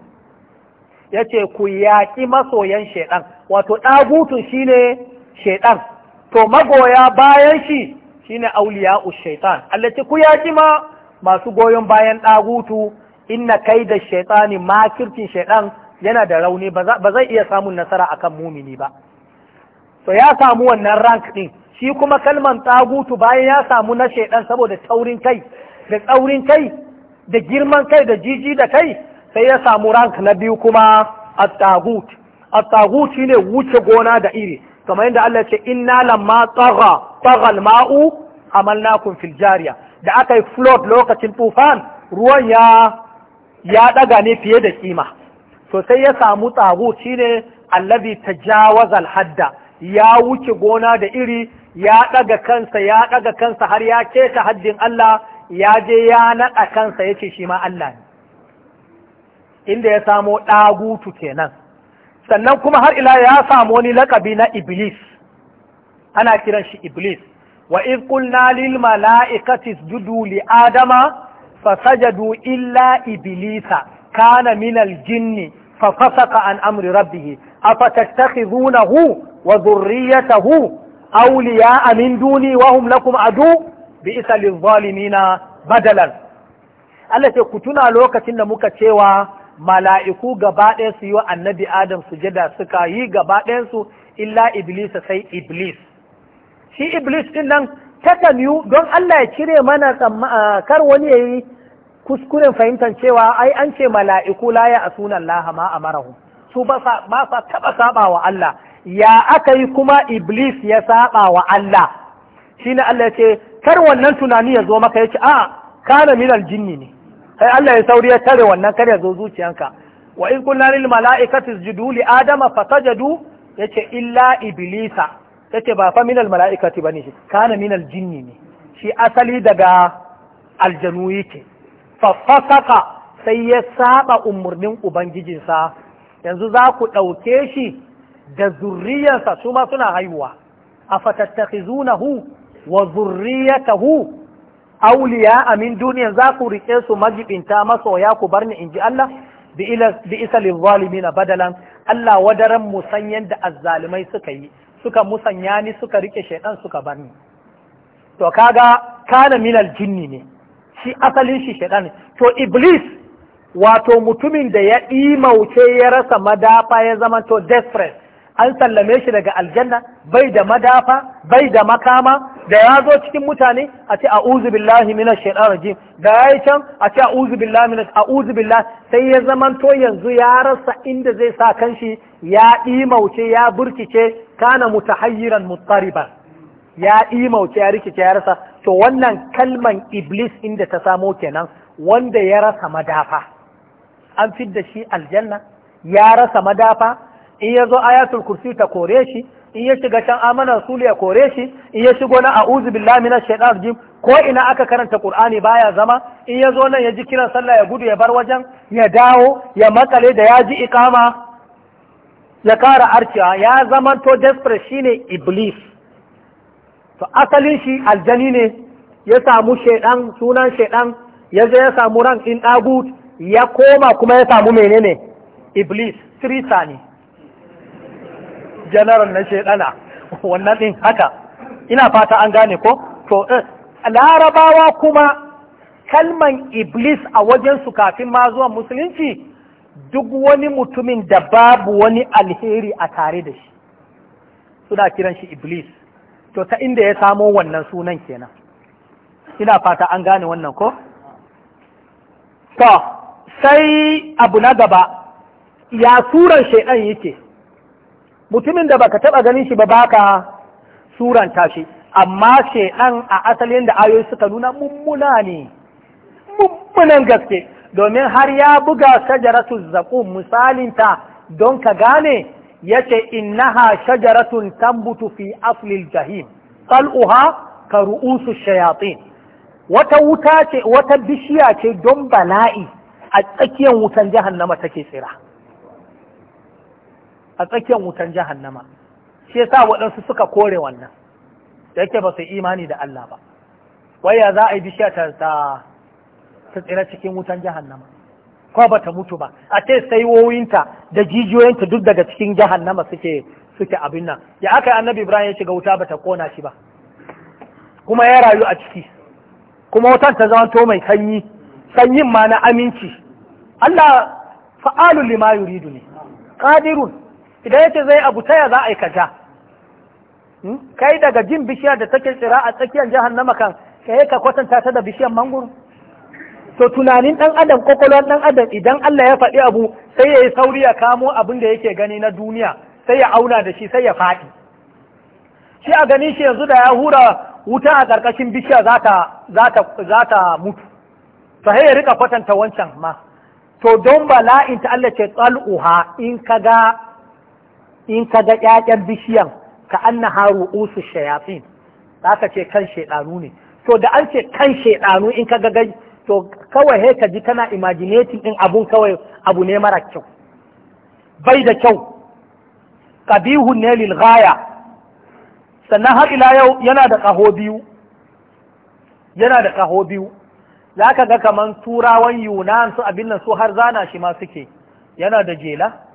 ya ce ku yaƙi masoyan shaiɗan wato ɗagutun shine shaiɗan to magoya bayan shi shine auliya shaitan allati ku ya jima masu goyon bayan ɗagutu inna kai da shaitani makircin shaitan yana da rauni ba zai iya samun nasara a kan mumini ba to ya samu wannan rank ɗin. shi kuma kalman ɗagutu bayan ya samu na shaitan saboda taurin kai da tsaurin kai da girman kai da jiji da kai sai ya samu rank na biyu kuma at-tagut at-tagut shine wuce gona da iri kamar yadda Allah ce inna lamma tsaga tsaghal ma'u kun fil jariya da aka yi flood lokacin tufan ruwan ya ya daga ne fiye da kima to sai ya samu tsago shine allazi tajawazal hadda ya wuce gona da iri ya daga kansa ya daga kansa har ya keta haddin Allah ya je ya naɗa kansa yace shi ma Allah ne inda ya samo ɗagutu kenan sannan kuma har ila ya samu wani lakabi na iblis ana kiran shi iblis wa iz qulna lil mala'ikati isjudu li adama fasajadu illa iblisa kana min al jinni fafasaka an amri rabbih afatattakhizunahu wa dhurriyyatahu awliya'a min duni wa hum lakum adu bi'sa lil zalimina badalan Allah ce ku tuna lokacin da muka cewa mala'iku gaba ɗaya su yi wa annabi adam sujada suka yi gaba ɗayansu illa iblis sai iblis shi iblis ɗin nan takan yu don Allah ya cire mana kar wani ya yi kuskuren fahimtar cewa ai an ce mala'iku la a sunan lahama a marahu su ba sa taɓa saɓa wa Allah ya aka yi kuma iblis ya saɓa wa Allah shi ne Allah ya ce kar wannan tunani ya zo maka ya ce a kana minal jinni ne sai Allah ya sauri ya tare wannan kar ya zo zuciyanka wa in kunna lil mala'ikati isjudu li adama fasajadu yace illa iblisa yace ba fa minal mala'ikati bane shi kana minal jinni ne shi asali daga aljanu yake fa fasaka sai ya saba umurnin ubangijinsa yanzu za ku ɗauke shi da zurriyarsa su ma suna haihuwa a fatattakizunahu wa zurriyatahu auliya amin duniyan za ku riƙe su majibinta masoya ku bar ni in ji Allah bi isa na badalan Allah wadaran musanyan da azzalimai suka yi suka musanya ni suka riƙe shaidan suka bar ni to kaga kana minal jinni ne shi asalin shi shaidan to iblis wato mutumin da ya imauce ya rasa madafa ya zama to desperate an sallame shi daga aljanna bai da madafa bai da makama da ya zo cikin mutane a ce a'udhu billahi minash rajim da yayi can a ce a'udhu billahi minash a'udhu billahi sai ya zamanto yanzu ya rasa inda zai sa kanshi ya imauce ya burkice kana mutahayyiran muttariban ya imauce ya rikice ya rasa to wannan kalman iblis inda ta samo kenan wanda ya rasa madafa an fidda shi aljanna ya rasa madafa in ya zo ayatul kursi ta kore shi in ya shiga can amana rasul ya kore shi in ya shigo na a'udhu billahi minash shaitanir rajim ko ina aka karanta qur'ani baya zama in ya zo nan ya ji kiran sallah ya gudu ya bar wajen ya dawo ya makale da ya ji ikama ya kara arciwa ya zama to desperate shine iblis to asalin shi aljani ne ya samu shaidan sunan shaidan ya je ya samu ran in dagut ya koma kuma ya samu menene iblis trisa ne janaran na shedana wannan din haka ina fata an gane ko to eh, larabawa kuma kalman iblis a wajen su kafin ma zuwa musulunci duk wani mutumin da babu wani alheri a tare da shi suna kiran shi iblis to ta inda ya samo wannan sunan kenan ina fata an gane wannan ko to sai abu na gaba ya turan shaidan yake mutumin da baka taba ganin shi ba baka suranta shi amma shedan a asalin da ayoyi suka nuna mummuna ne mummunan gaske domin har ya buga shajaratu zaqum ta, don ka gane yace innaha shajaratun tambutu fi aflil jahim qal'uha ka ru'usu shayatin wata wuta ce wata bishiya ce don bala'i a tsakiyar wutan jihar jahannama take tsira a tsakiyar wutan jahannama shi sa waɗansu suka kore wannan da yake ba su imani da Allah ba waya za a yi bishiya ta ta tsira cikin wutan jahannama ko ba ta mutu ba a ce saiwoyinta da jijiyoyinta duk daga cikin jahannama suke suke abin nan ya aka annabi Ibrahim ya shiga wuta ba ta kona shi ba kuma ya rayu a ciki kuma wutan ta to mai sanyi sanyin ma na aminci Allah fa'alun lima yuridu ne qadirun idan yake zai abu taya za a kaja hmm? kai daga jin bishiyar da take tsira a tsakiyar jahannama kan kai ka kwatanta ta da bishiyar mangoro to tunanin dan adam kokolon dan adam idan Allah ya faɗi abu sai ya yi sauri ya kamo abin da yake gani na duniya sai ya auna da shi sai ya faɗi shi a gani shi yanzu da ya hura wuta a ƙarƙashin bishiya za ta mutu to ya rika kwatanta wancan ma to don bala in ta Allah ce tsal'uha in ka ga in ka ga ƴaƴan bishiyan ka anna haru usu shayafin za ka ce kan shaiɗanu ne to da an ce kan shaiɗanu in ka ga to kawai he ka ji kana imaginating in abun kawai abu ne mara kyau bai da kyau qabihu ne lil ghaya sannan har ila yau yana da ƙaho biyu yana da ƙaho biyu za ka ga kaman turawan yunan su abin nan su har zana shi ma suke yana da jela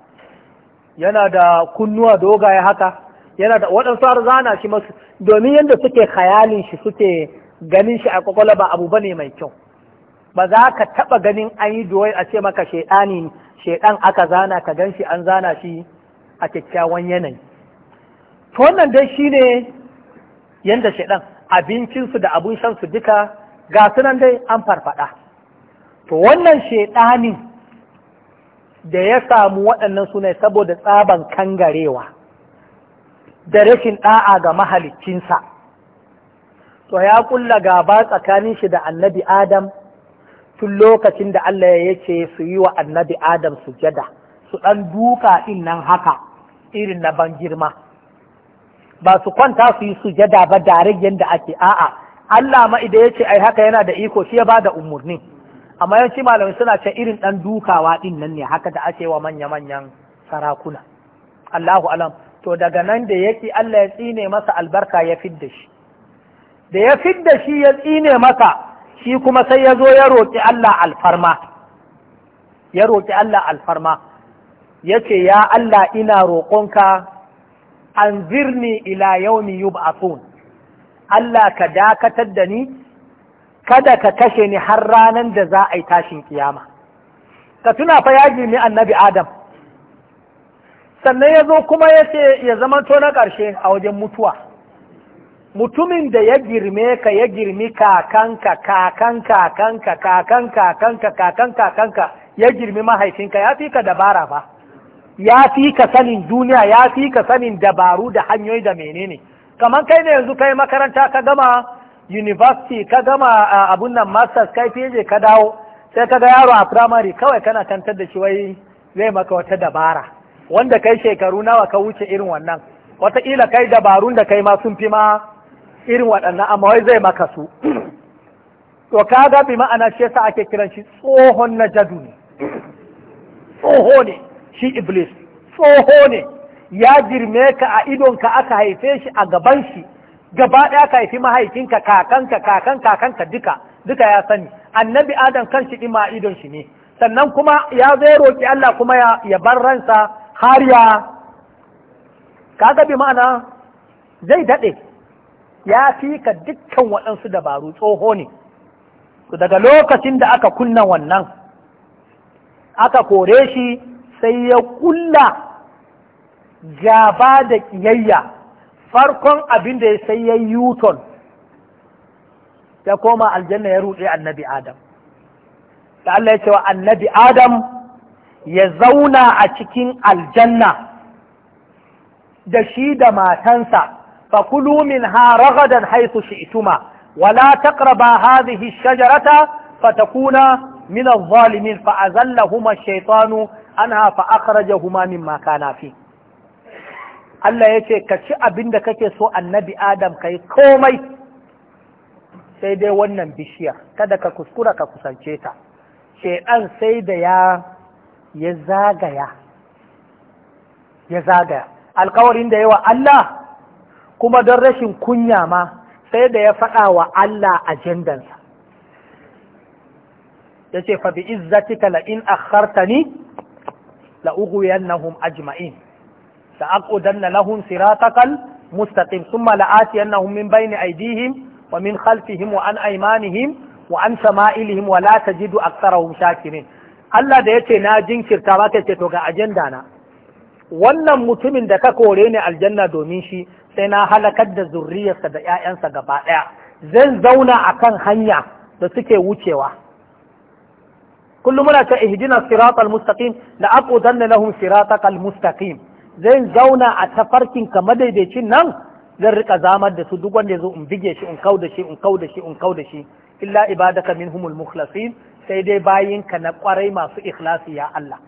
yana da kunnuwa dogaye haka yana da waɗansu har zana shi masu domin yadda suke khayalin shi suke ganin shi a kwakwalwa ba abu bane mai kyau ba za ka taɓa ganin an yi doyi a ce maka shaiɗani shaiɗan aka zana ka gan shi an zana shi a kyakkyawan yanayi to wannan dai shine yadda shaiɗan abincinsu da abun shansu duka ga sunan dai an farfada to wannan shaiɗani da ya samu waɗannan suna saboda tsaban kangarewa da rashin ɗa'a ga mahalicinsa to ya kulla gaba tsakanin shi da annabi adam tun lokacin da Allah ya ce su yi wa annabi adam sujada su ɗan duka ɗin nan haka irin na ban girma ba su kwanta su yi sujada ba da yadda ake a'a Allah ma idan ya ce ai haka yana da iko shi ya ba da umarni amma ci malamai suna ce irin ɗan dukawa ɗin nan ne haka da ake wa manya-manyan sarakuna Allahu alam to daga nan da yaki Allah ya tsine masa albarka ya fidda shi da ya fidda shi ya tsine masa shi kuma sai ya zo ya roƙi Allah alfarma ya roƙi Allah alfarma ya ce ya Allah ina roƙonka an zirni ila yaumi yub'athun Allah ka dakatar da ni kada ka kashe ni har ranar da za a yi tashin kiyama ka tuna fa yaji ni annabi adam sannan ya zo kuma ya ce ya zamanto na ƙarshe a wajen mutuwa mutumin da ya girme ka ya girmi kakanka kakan kakanka kakan kakanka kakan kakanka ya girmi mahaifinka ya fi ka dabara ba ya fi ka sanin duniya ya fi ka sanin dabaru da hanyoyi da menene kamar kai ne yanzu kai makaranta ka gama university ka gama abun nan masters kai fiye ka dawo sai ka ga yaro a primary kawai kana kantar da shi wai zai maka wata dabara wanda kai shekaru nawa ka wuce irin wannan wataƙila kai dabarun da kai ma sun fi ma irin waɗannan amma wai zai maka su to ka ga bi ma'ana shi yasa ake kiran shi tsohon na jadu ne tsoho ne shi iblis tsoho ne ya girme ka a idonka aka haife shi a gaban shi gaba ɗaya ka haifi mahaifinka kakanka kakan kakanka duka duka ya sani annabi adam kan shi ɗima idon shi ne sannan kuma ya zai roƙi Allah kuma ya bar ransa har ya kaga bi ma'ana zai daɗe ya fi ka dukkan waɗansu dabaru tsoho ne daga lokacin da aka kunna wannan aka kore shi sai ya kulla gaba da ƙiyayya farkon abin da sai ya yi yuton ya koma aljanna ya ruɗe annabi adam da Allah ya ce annabi adam ya zauna a cikin aljanna da shi da matansa fakulu min ha ragadan haitu shi'tuma wala taqraba hadhihi shajarata fatakuna min adh-dhalimin fa azallahuma ash-shaytanu anha fa akhrajahuma mimma kana fihi Allah ya ce ka ci abin da kake so annabi Adam ka yi komai sai dai wannan bishiyar kada ka kuskura ka kusance ta shaidan sai da ya ya zagaya ya zagaya alkawarin da yawa Allah kuma don rashin kunya ma sai da ya faɗa wa Allah ajendansa ya ce fa bi izzatika la in akhartani la ughwiyannahum ajma'in لأقعدن لهم صراطك المستقيم ثم لآتينهم من بين أيديهم ومن خلفهم وعن أيمانهم وعن شمائلهم ولا تجد أكثرهم شاكرين Allah da ya ce na jinkirta ba ce to ga ajanda na wannan mutumin da ka kore ni aljanna domin shi sai na halakar da zurriyarsa da 'ya'yansa gaba ɗaya zan zauna a kan hanya da suke wucewa kullum muna ta ihdina siratal mustaqim la aqudanna lahum siratakal mustaqim zai zauna a tafarkin ka madaidaicin nan zan rika zamar da su duk wanda zo in bige shi in kau da shi in kau da shi in kau da shi illa ibadaka minhumul mukhlasin sai dai ka na kwarai masu ikhlasi ya Allah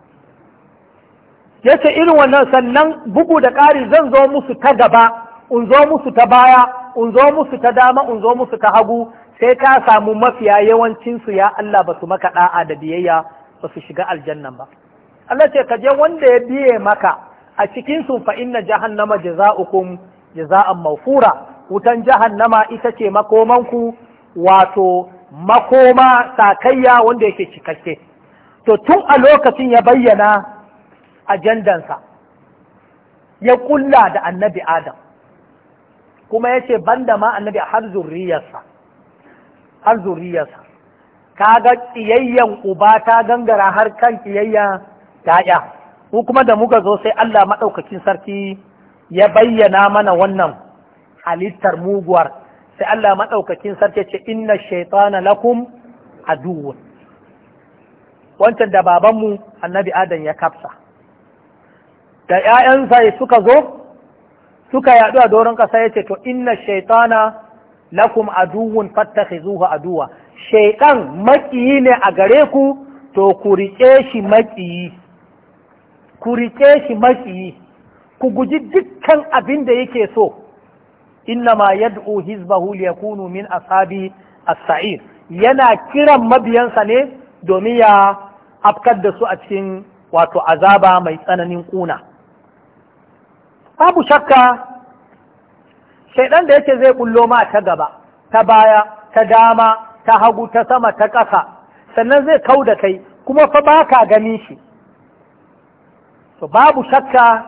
yace irin wannan sannan bugu da ƙari zan zo musu ta gaba in zo musu ta baya in zo musu ta dama in zo musu ta hagu sai ka samu mafiya yawancin su ya Allah ba su maka ɗa'a da biyayya ba su shiga aljannan ba Allah ce ka je wanda ya biye maka a cikin su fa inna jahannama jaza'ukum jaza'an mawfura wutan jahannama ita ce makomanku wato makoma sakayya wanda yake cikakke to tun a lokacin ya bayyana ajandansa ya kulla da annabi adam kuma yace ce banda ma annabi har zurriyarsa har zurriyarsa kaga ƙiyayyen uba ta gangara har kan ƙiyayya ta'ya mu kuma da muka zo sai Allah maɗaukakin sarki ya bayyana mana wannan halittar muguwar sai Allah maɗaukakin sarki ce inna shaitana lakum aduwwun wancan da babanmu annabi adam ya kafsa da ‘ya'yansa suka zo suka yaɗu a doron ƙasa ya ce to inna shaitana lakum fattake fattakhizuhu aduwa shaitan maƙiyi ne a gare ku to ku riƙe shi maƙiyi ku riƙe shi maƙiyi ku guji dukkan abin da yake so inna innama yad'u hizbahu liyakunu min ashabi as-sa'ir yana kiran mabiyansa ne domin ya afkar da su a cikin wato azaba mai tsananin kuna babu shakka shaidan da yake zai ƙullo ma ta gaba ta baya ta dama ta hagu ta sama ta ƙasa sannan zai kau da kai kuma fa baka ganin shi to babu shakka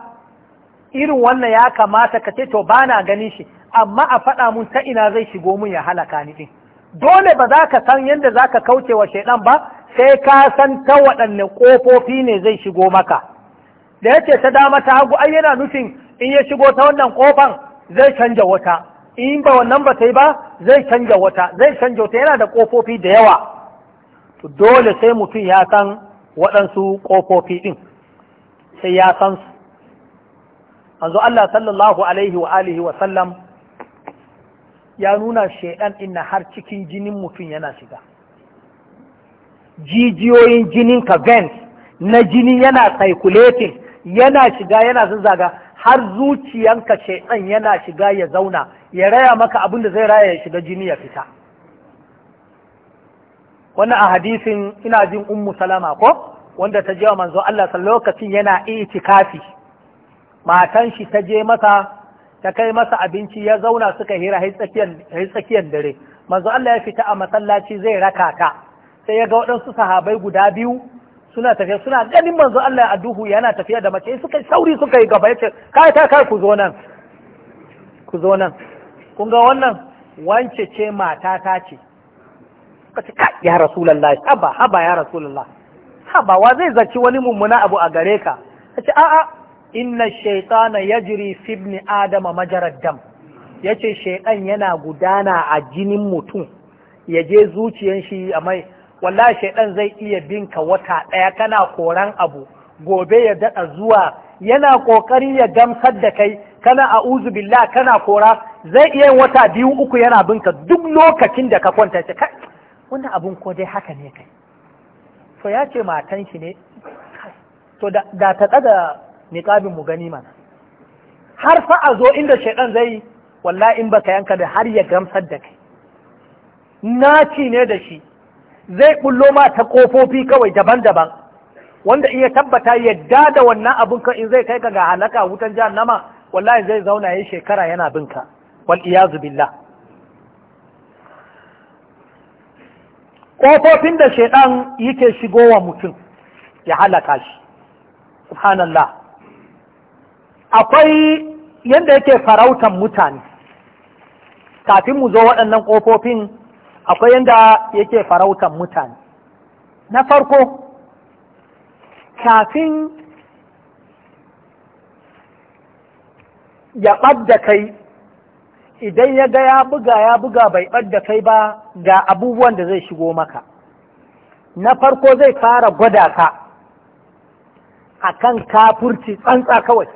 irin wannan ya kamata ka ce to bana ganin shi amma a faɗa mun ta ina zai shigo mun ya halaka ni din dole ba za ka san yadda za ka kauce wa shaidan ba sai ka san ta waɗanne ƙofofi ne zai shigo maka da yace ta dama ta hagu ai yana nufin in ya shigo ta wannan ƙofan zai canja wata in ba wannan ba ta yi ba zai canja wata zai canja wata yana da ƙofofi da yawa dole sai mutum ya san waɗansu ƙofofi ɗin sai ya san su manzo Allah sallallahu alaihi wa alihi wa sallam ya nuna shaidan inna har cikin jinin mutum yana shiga jijiyoyin jinin ka vent na jini yana circulating yana shiga yana zaga har zuciyanka shaidan yana shiga ya zauna ya raya maka abin da zai raya ya shiga jini ya fita wannan a hadisin ina jin ummu salama ko wanda ta je wa manzo Allah lokacin yana itikafi matan shi ta je masa ta kai masa abinci ya zauna suka hira har tsakiyar dare manzo Allah ya fita a masallaci zai raka ta sai ya ga waɗansu sahabai guda biyu suna tafiya suna ganin manzo Allah a duhu yana tafiya da mace suka sauri suka yi gaba yace kai ta kai ku zo nan ku zo nan kun ga wannan wance ce mata ta ce ka ya rasulullahi haba haba ya rasulullahi ba wa zai zaci wani mummuna abu a gare ka ce a'a inna Shaitana ya jiri fibni adama majarar dam yace shaitan yana gudana a jinin mutum ya je zuciyan shi a mai wallahi shaitan zai iya binka wata ɗaya? kana koran abu gobe ya daɗa zuwa yana kokari ya gamsar da kai kana uzu billah kana kora zai iya wata biyu uku yana binka duk lokacin da ka kwanta ce kai wannan abun ko dai haka ne kai to ya ce matan shi ne to da ta ɗaga niƙabin mu gani mana har fa a zo inda shaidan zai walla in baka yanka da har ya gamsar da kai Na ci ne da shi zai bullo ma ta kofofi kawai daban-daban wanda iya tabbata yadda da wannan abin ka in zai kai ka ga halaka wutan jahannama wallahi zai zauna yi shekara yana binka wal iyazu billah ƙofofin da shaidan yake wa mutum ya halaka shi subhanallah akwai yadda yake farautan mutane kafin mu zo waɗannan ƙofofin akwai yadda yake farautan mutane na farko kafin ya da kai idan ya ga ya buga ya buga bai ɓadda kai ba ga abubuwan da zai shigo maka na farko zai fara gwada ka a kan kafurci tsantsa kawai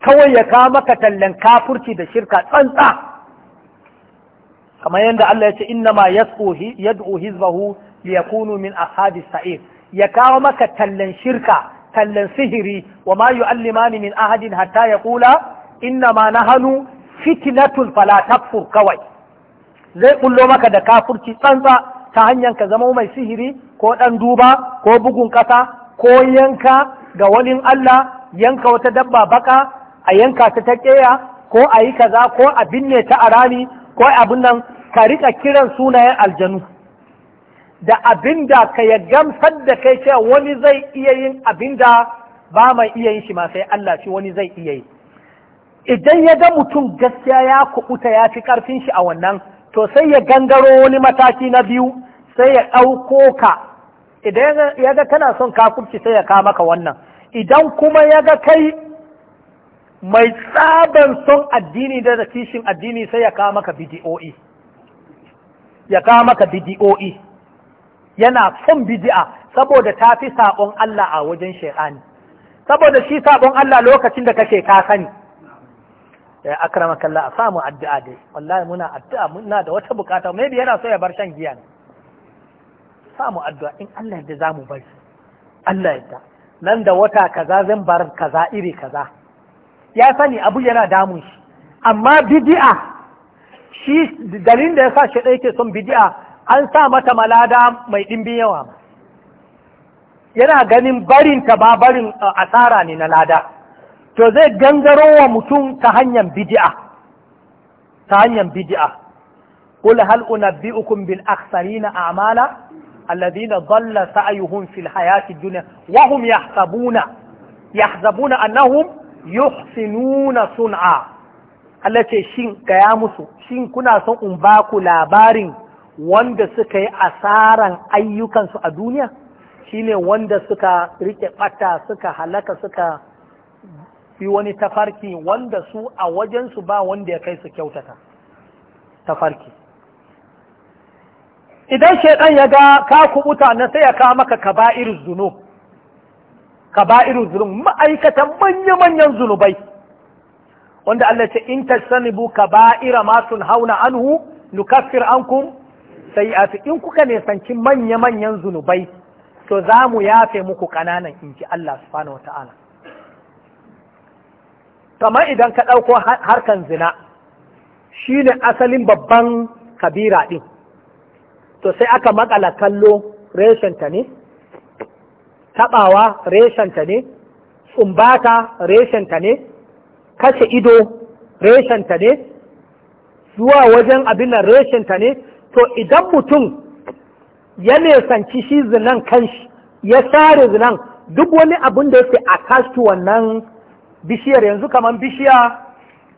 kawai ya kawo maka tallan kafurci da shirka tsantsa kamar yadda Allah ya ce inna ma yad'u hizbahu liyakunu min ashabi sa'ir ya kawo maka tallan shirka tallan sihiri wa ma yu'allimani min ahadin hatta yaqula inna ma na hannu fitnatul falatakfur kawai zai kullo maka da kafurci tsantsa ta hanyar ka zama mai sihiri ko ɗan duba ko bugun ƙasa ko yanka ga wani Allah yanka wata dabba baka a yanka ta ta ƙeya ko a yi kaza ko a binne ta a rami ko abin nan ka riƙa kiran sunayen aljanu da abin da ka ya gamsar da kai cewa wani zai iya yin abin da ba mai iya yin shi ma sai Allah shi wani zai iya yi idan ya ga mutum gaskiya ya kubuta ya fi karfin shi a wannan to sai ya gangaro wani mataki na biyu sai ya ɗauko ka idan ya ga kana son kafurci sai ya ka wannan idan kuma ya ga kai mai tsaban son addini da kishin addini sai ya kawo maka bidi'o'i ya kawo maka bidi'o'i yana son bidi'a saboda ta fi saɓon Allah a wajen shekani saboda shi saɓon Allah lokacin da kake ka sani Eh, akrama kalla a samu addu'a dai wallahi muna addu'a muna da wata bukata maybe yana so ya bar shan giya ne samu addu'a in Allah yadda zamu bari Allah yadda nan da wata kaza zan bar kaza iri kaza ya sani abu yana damun shi amma bidi'a shi dalilin da yasa shi da yake son bidi'a an sa mata malada mai ɗimbin yawa yana ganin barinta ba barin eh, asara ne na lada to zai gangaro wa mutum ta hanyar bidi'a ta hanyar bidi'a qul hal unabbi'ukum bil aktharin a'mala alladhina dhalla sa'yuhum fil hayati dunya wa hum anahum! yahsabuna annahum yuhsinuna sun'a Allah ce shin gaya musu shin kuna son in ba ku labarin wanda suka yi asaran ayyukansu a duniya shine wanda suka rike ɓata, suka halaka suka fi wani tafarki wanda su a wajensu ba wanda ya kai su kyautata tafarki idan shaidan ya ga ka kubuta na sai ya kawo maka kaba'ir zunub kaba'ir zunub ma'aikatan manya-manyan zunubai wanda Allah ce in tajtanibu kaba'ira ma hauna anhu nukaffir ankum sayi'atu in kuka ne manya-manyan zunubai to za mu yafe muku kananan inji Allah subhanahu wa ta'ala kamar idan ka ɗauko harkan zina shi ne asalin babban kabira ɗin to sai aka makala kallo reshenta ne taɓawa reshenta ne tsumbata reshenta ne kashe ido reshenta ne zuwa wajen abin nan reshenta ne to idan mutum ya nesanci shi zinan kanshi ya share zinan duk wani abin da yake a kashi wannan bishiyar yanzu kamar bishiya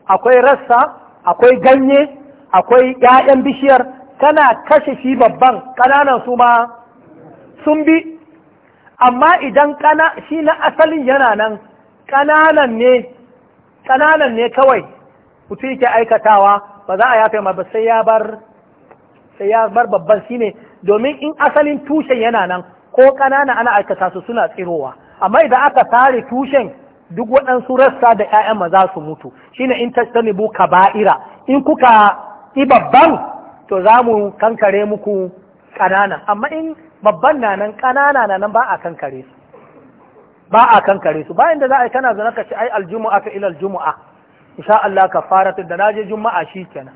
akwai rassa akwai ganye akwai 'ya'yan bishiyar tana kashe shi babban ƙananan su ma sun bi amma idan shi na asalin yana nan ƙananan ne ƙananan ne kawai mutum yake aikatawa ba za a yafe ma ba sai ya bar sai ya bar babban shine domin in asalin tushen yana nan ko ƙanana ana aikata su suna tsirowa amma idan aka sare tushen duk waɗansu rassa da ‘ya'yan maza su mutu Shi ne in ta tajtanibu kaba'ira in kuka yi babban to za mu kankare muku ƙanana. amma in babban na nan ƙanana na nan ba a kankare su ba a kankare su bayan da za a yi kana zana ka ci ai aljumu'a ka ilal jumu'a insha Allah ka kafaratun da na je juma'a shikenan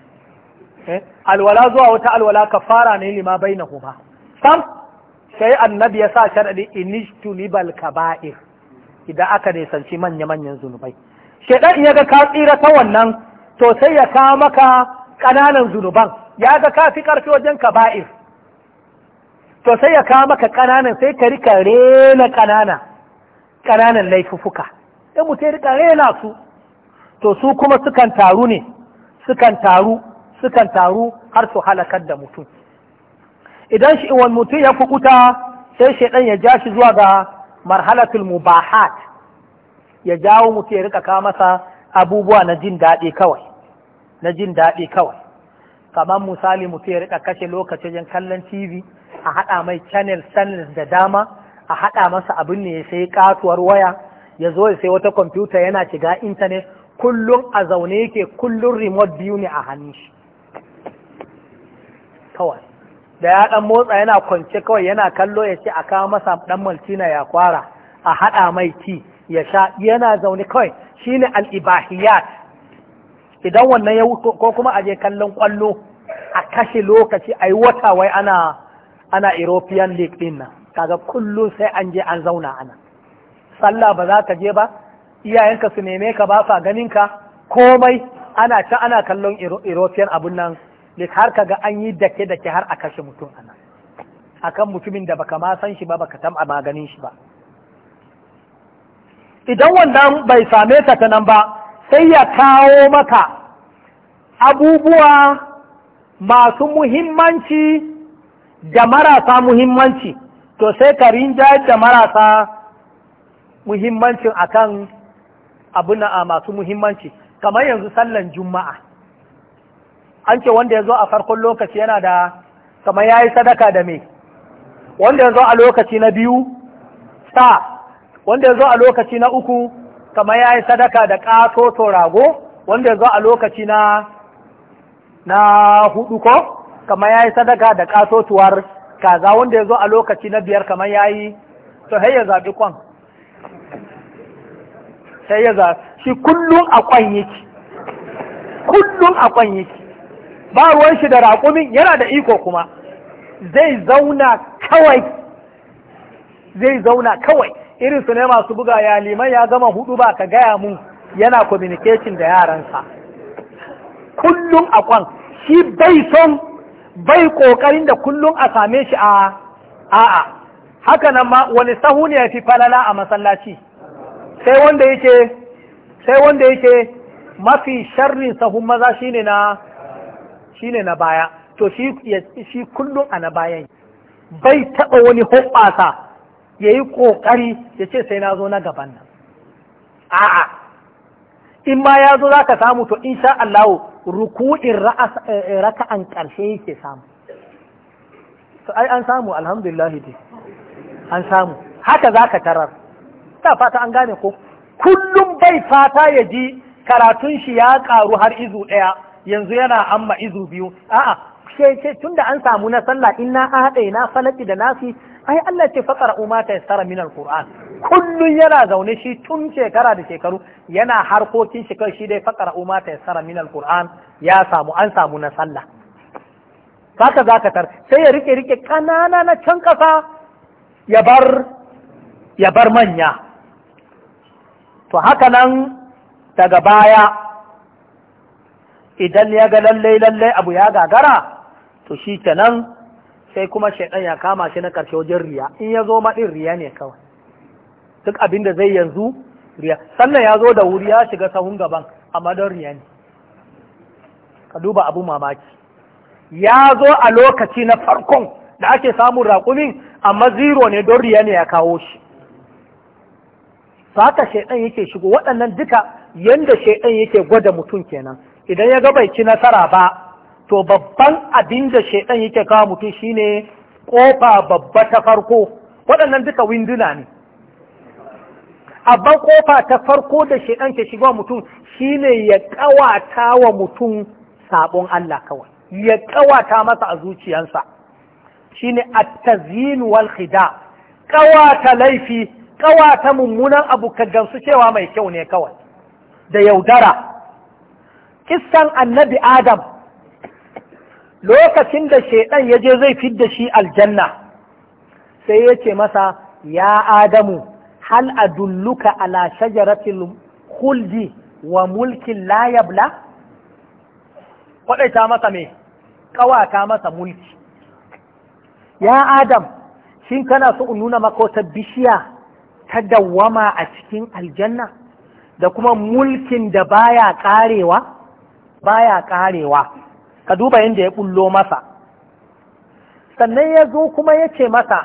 eh alwala zuwa wata alwala fara ne lima bainahuma sam sai annabi ya sa sharadi inishtu libal kaba'ir idan aka nisanci manya-manyan zunubai shaidan ya ga ka tsira ta wannan to sai ya kawo maka ƙananan zunuban ya ga ka fi ƙarfi wajen ka ba'ir to sai ya kawo maka ƙananan sai ka rika rena ƙanana ƙananan laifuffuka in mutum rika rena su to su kuma sukan taru ne sukan taru sukan taru har su halakar da mutum idan shi mutum ya kukuta sai shaidan ya ja shi zuwa ga marhalatul mubahat ya jawo mu ya rika kawo masa abubuwa na jin daɗi kawai na jin daɗi kawai kamar misali mutu ya rika kashe lokacin kallon tv a haɗa mai channel channels da dama a haɗa masa abin ne ya sai katuwar waya ya zo ya sai wata kwamfuta yana shiga intanet kullum a zaune yake kullum remote biyu ne a hannun shi kawai da ya ɗan motsa yana kwance kawai yana kallo ya ce a kawo masa ɗan maltina ya kwara a haɗa mai ti ya sha yana zaune kawai shine al'ibahiyat idan wannan ya ko kuma a je kallon kwallo a kashe lokaci a yi wata wai ana ana european league din nan kaga kullum sai an je an zauna ana sallah ba za ka je ba iyayenka su neme ka ba sa ganin ka komai ana ta ana kallon european abun nan har ga an yi dake dake har a kashe mutum a akan mutumin da baka ma san shi ba baka tam a maganin shi ba idan wannan bai same ta ta nan ba sai ya kawo maka abubuwa masu muhimmanci da marasa muhimmanci to sai ka rinjayar da marasa muhimmancin akan abu a masu muhimmanci kamar yanzu sallan juma'a an ce wanda ya zo a farkon lokaci yana da kamar ya yi sadaka da me wanda ya zo a lokaci na biyu sa wanda ya zo a lokaci na uku kamar ya yi sadaka da ƙato rago wanda ya zo a lokaci na na hudu ko kamar ya yi sadaka da tuwar kaza wanda ya zo a lokaci na biyar kamar ya yi to hayya ya zaɓi kwan sai ya zaɓi shi kullum a kwan yake kullum a kwan yake ba ruwan shi da raƙumin yana da iko kuma zai zauna kawai zai zauna kawai irin su ne masu buga ya liman ya gama hudu ba ka gaya mun yana communication da yaransa kullum a kwan shi bai son bai kokarin da kullum a same shi a a'a haka nan ma wani sahu ne ya fi falala a masallaci sai wanda yake sai wanda yake mafi sharrin sahun maza shine na Shi ne na baya to shi kullum a na bayan bai taɓa wani hoɓasa ya yi ƙoƙari ya ce sai na zo na gaban nan a'a in ma ya zo za ka samu to insha Allah ruku'in eh, eh, raka'an ƙarshe yake samu to ai an samu alhamdulillah dai an samu haka za ka tarar ta fata an gane ko kullum bai fata ya ji karatun shi ya ƙaru har izu ɗaya yanzu yana amma izu biyu a'a sheke tunda an samu na sallah in na haɗe na falaki da nasi ai Allah ce faqara umma ta yasara min alquran kullun yana zaune shi tun shekara da shekaru yana harkokin shi kai shi dai faqara umma ta yasara min alquran ya samu an samu na sallah saka zaka tar sai ya rike rike kanana na can kasa ya bar ya bar manya to haka nan daga baya idan ya ga lallai lallai abu ya gagara to shi kenan sai kuma shaidan ya kama shi na karshe wajen riya in ya zo maɗin riya ne kawai duk abin zai yanzu riya sannan ya zo da wuri ya shiga sahun gaban amma don riya ne ka duba abu mamaki ya zo a lokaci na farkon da ake samun raƙumin amma zero ne don riya ne ya kawo shi haka shaidan yake shigo waɗannan duka yanda shaidan yake gwada mutum kenan idan ya ga bai ci nasara ba to babban abin da shaidan yake kawo mutum shine ƙofa babba ta farko waɗannan duka winduna ne abban ƙofa ta farko da shaidan ke shiga mutum shine ya kawata wa mutum sabon Allah kawai ya ƙawata masa a zuciyansa shine at-tazyin wal khida kawata laifi ƙawata mummunan abu ka gamsu cewa mai kyau ne kawai da yaudara kissan annabi adam lokacin da shaidan ya je zai fidda shi aljanna sai ya ce masa ya adamu hal adulluka ala shajaratil khuldi wa mulkin la yabla masa me kawata masa mulki ya adam shin kana so in nuna maka wata bishiya ta dawwama a cikin aljanna da kuma mulkin da baya karewa baya karewa ka duba yadda ya bullo masa sannan ya zo kuma ya ce masa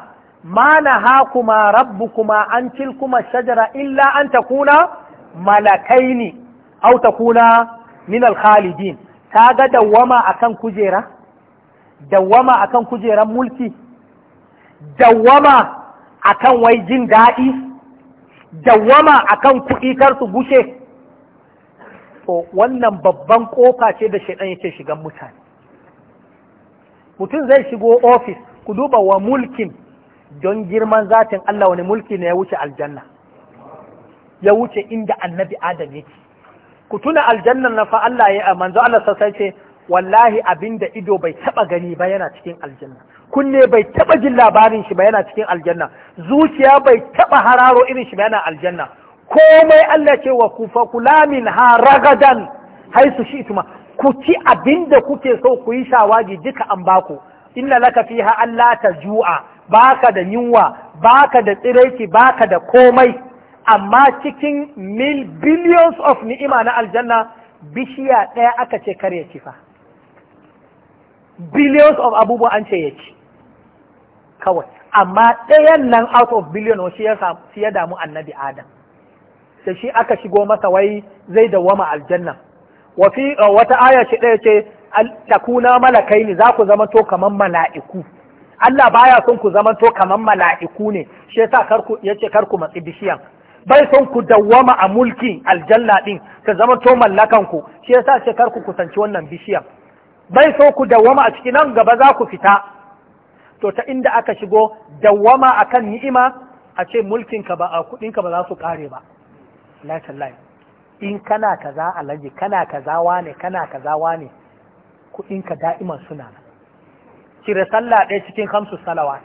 ma na ha kuma rabbu kuma an cil kuma shajara illa an ta kuna malakai ne au ta kuna minal khalidin ta ga dawwama akan kujera dawwama kan kujeran mulki dawwama akan wai jin daɗi dawwama akan kuɗi kar su bushe to wannan babban kofa ce da shaidan yake shigan mutane mutum zai shigo ofis ku duba wa mulkin don girman zatin Allah wani mulki ne ya wuce aljanna ya wuce inda annabi adam yake ku tuna aljannan na fa Allah ya manzo Allah sai ce wallahi abinda ido bai taba gani ba yana cikin aljanna kunne bai taba jin labarin shi ba yana cikin aljanna zuciya bai taba hararo irin shi ba yana aljanna komai Allah ce wa ku fakula min ha ragadan haisu shi ituma ku ci abinda kuke so ku yi shawagi duka an baku inna laka fiha Allah ta ju'a baka da yunwa baka da tsiraici baka da komai amma cikin mil billions of ni'ima na aljanna bishiya ɗaya aka ce kar ya ci fa billions of abubuwa an ce ya ci kawai amma ɗayan nan out of billion shi ya damu annabi adam da shi aka shigo masa wai zai dawwama aljanna Wafi uh, wata aya ce ɗaya ce takuna malakai ne za ku zama to kaman mala'iku Allah baya son ku zama to kaman mala'iku ne shi yasa karku yace karku matsi bishiyan bai son ku dawwama a mulki aljanna din ka zama to mallakan ku shi yasa ce karku kusanci wannan bishiyan bai so ku dawwama a cikin nan gaba za ku fita to ta inda aka shigo dawwama akan ni'ima a ce mulkin ka ba a kudin ka ba za su kare ba life in kana kaza alaji kana kaza wane kana kaza wane kuɗinka da'iman suna nan cire sallah ɗaya cikin hamsu salawat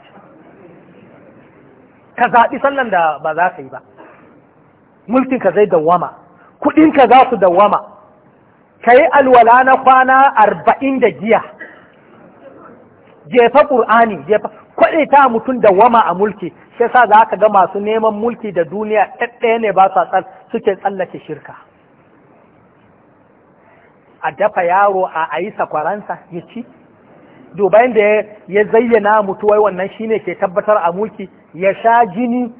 ka zaɓi sallan da ba za ka yi ba Mulkin ka zai dawwama kuɗinka za su dawama ka yi alwala na kwana arba'in da giya jefa ƙur'ani jefa kwaɗe ta mutum dawwama a mulki shi sa za ka ga masu neman mulki da duniya ɗaɗɗaya ne ba sa tsal suke tsallake shirka a dafa yaro a ayi sakwaransa ya ci dubayin da ya zayyana mutuwai wannan shine ke tabbatar a mulki ya sha jini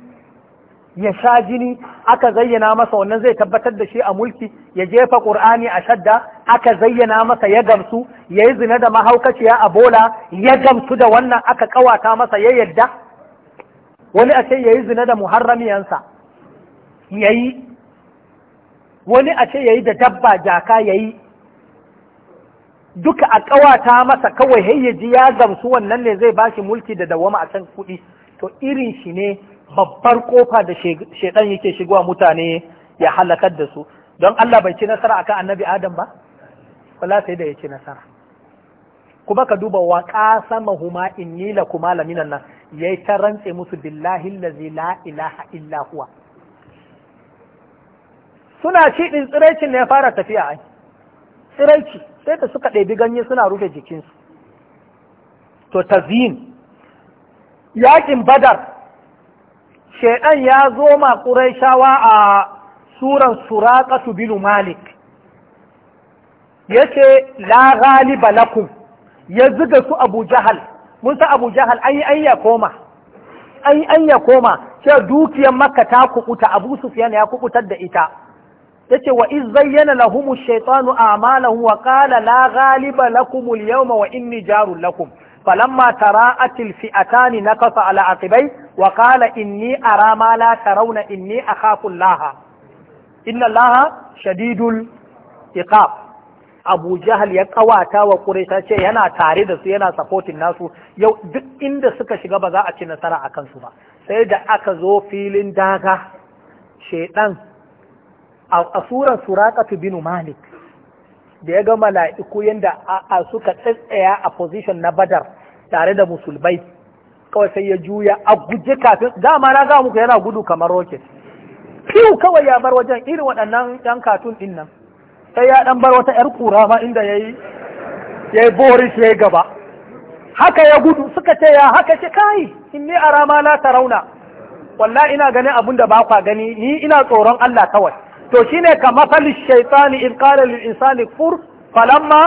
ya sha jini aka zayyana masa wannan zai tabbatar da shi a mulki ya jefa ƙur'ani a shadda aka zayyana masa ya gamsu ya yi zina da mahaukaciya a bola ya gamsu da wannan aka kawata masa ya yadda wani a ce yayi zina da muharramiyansa yayi wani a ce yayi da dabba jaka yayi duka a ƙawata masa kawai hayyaji ya gamsu wannan ne zai bashi mulki da dawama a can kuɗi to irin shi ne babbar ƙofa da shaidan yake shigowa mutane ya halakar da su don Allah bai ci nasara akan annabi Adam ba wala sai da ya ci nasara kuma ka duba wa sama huma nila kuma laminan nan yi ta rantse musu billahi allazi la ilaha illa huwa suna ci din tsiraicin ne ya fara tafiya ai tsiraici sai da suka ɗebi ganye suna rufe jikinsu to tazyin yakin badar shaidan ya zo ma ƙuraishawa a suran suraƙatu binu malik yace la ghaliba lakum ya zuga su abu jahal mun sa abu jahal an yi an ya koma an yi an ya koma cewa dukiyar makka ta kukuta abu sufyan ya kukutar da ita ce wa iz zayyana lahum shaitanu shaytanu a'malahum wa qala la ghaliba lakum al-yawma wa inni jarul lakum falamma tara'at al-fi'atani nakasa ala aqibai wa qala inni ara ma la tarawna inni akhafu Allah inna Allah shadidul iqab abu jahal ya kawata wa ƙuraisha ce yana tare da su yana supporting nasu yau duk inda suka shiga ba za a ci nasara a kansu ba sai da aka zo filin daga shaiɗan a surar suraqatu binu malik da ya gama mala'iku yadda a suka tsaya a position na badar tare da musulmai kawai sai ya juya a guje kafin dama na ga muku yana gudu kamar rocket kiw kawai ya bar wajen irin waɗannan yan katun ɗin nan sai ya ɗan bar wata ‘yar kura ma inda ya yi boris ya yi gaba haka ya gudu suka ce ya haka ce kai in ni a rama la ta rauna walla ina ganin abin da ba kwa gani ni ina tsoron Allah kawai to shine ka mafali shaitani in qala lil insani kfur falamma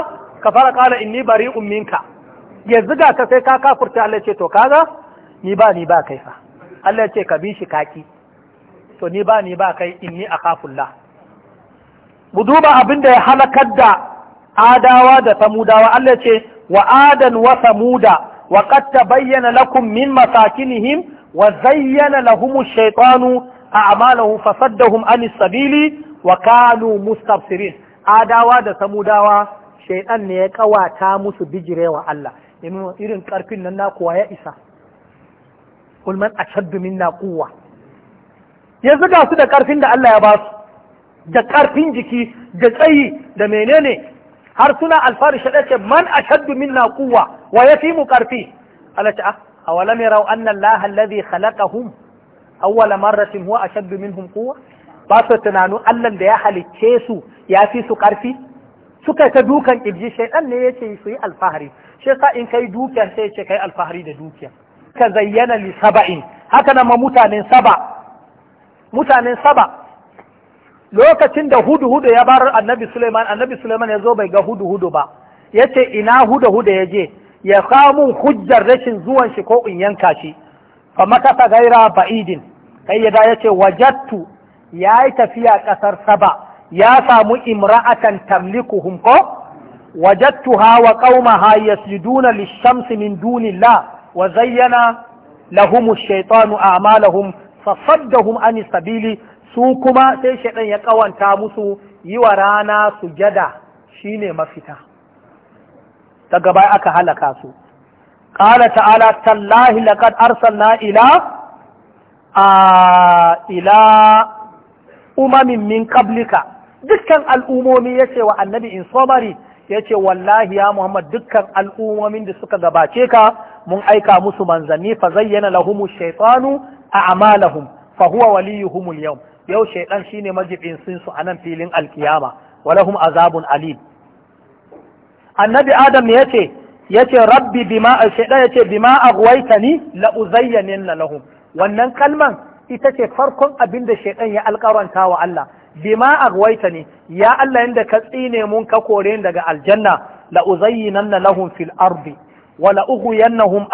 kafara qala inni bari'un minka ya ziga ka sai ka kafurta Allah ce to kaga ni ba ni ba kai fa Allah ce ka bi shi kaki to ni ba ni ba kai inni akhafullah mu duba abin da ya halakar da adawa da samudawa Allah ce wa adan wa samuda wa qad tabayyana lakum min masakinihim wa zayyana lahum ash-shaytanu a'malahum fasaddahum anis sabili wa kanu mustabsirin adawa da samudawa shaytan ne ya kawata musu bijirewa Allah irin karfin nan na kuwa ya isa ulman ashaddu minna quwwa yanzu ga su da karfin da Allah ya ba su da ƙarfin jiki da tsayi da menene har suna alfari ce man a shaddu minna kuwa wa ya fi mu ƙarfi Allah ce a ah, wala mai rau an nan lahan hum? halaƙahum awwala marratin huwa a shaddu minhum kuwa ba su tunanin Allah da ya halicce su ya fi su ƙarfi suka ta dukan ƙirji shaiɗan ne ya ce su yi alfahari shi sa in kai dukiya sai ce kai alfahari da dukiya ka zayyana li saba'in haka nan ma mutanen saba mutanen saba lokacin da hudu hudu ya bar annabi Suleiman annabi Suleiman ya zo bai ga hudu hudu ba yace ina hudu hudu ya je ya mun hujjar rashin zuwan shi ko in yanka shi fa makasa gaira ba'idin kai ya da yace wajattu yayi tafiya kasar saba ya samu imra'atan tamlikuhum ko wajattuha wa qaumaha yasjuduna lish-shamsi min dunillah wa zayyana lahum ash-shaytanu a'malahum fasaddahum anis sabili su kuma sai shaɗan ya ƙawanta musu yi wa rana sujada shine mafita ta baya aka halaka su ƙala ta'ala tallahi laqad arsalna ila a ila umamin min qablika dukkan al'umomi ce wa annabi in somari yace wallahi ya muhammad dukkan al'umomin da suka gabace ka mun aika musu manzanni fa zayyana lahumu shaytanu a'malahum fa huwa waliyuhum al-yawm yau shaidan shine majibin su a nan filin alkiyama walahum azabun alim annabi adam yace yace rabbi bima shaidan yace bima aghwaytani la uzayyanin lahum wannan kalman ita ce farkon abin da shaidan ya alkaranta wa Allah bima aghwaytani ya Allah da ka tsine mun ka kore daga aljanna la uzayyinanna lahum fil ardi wa la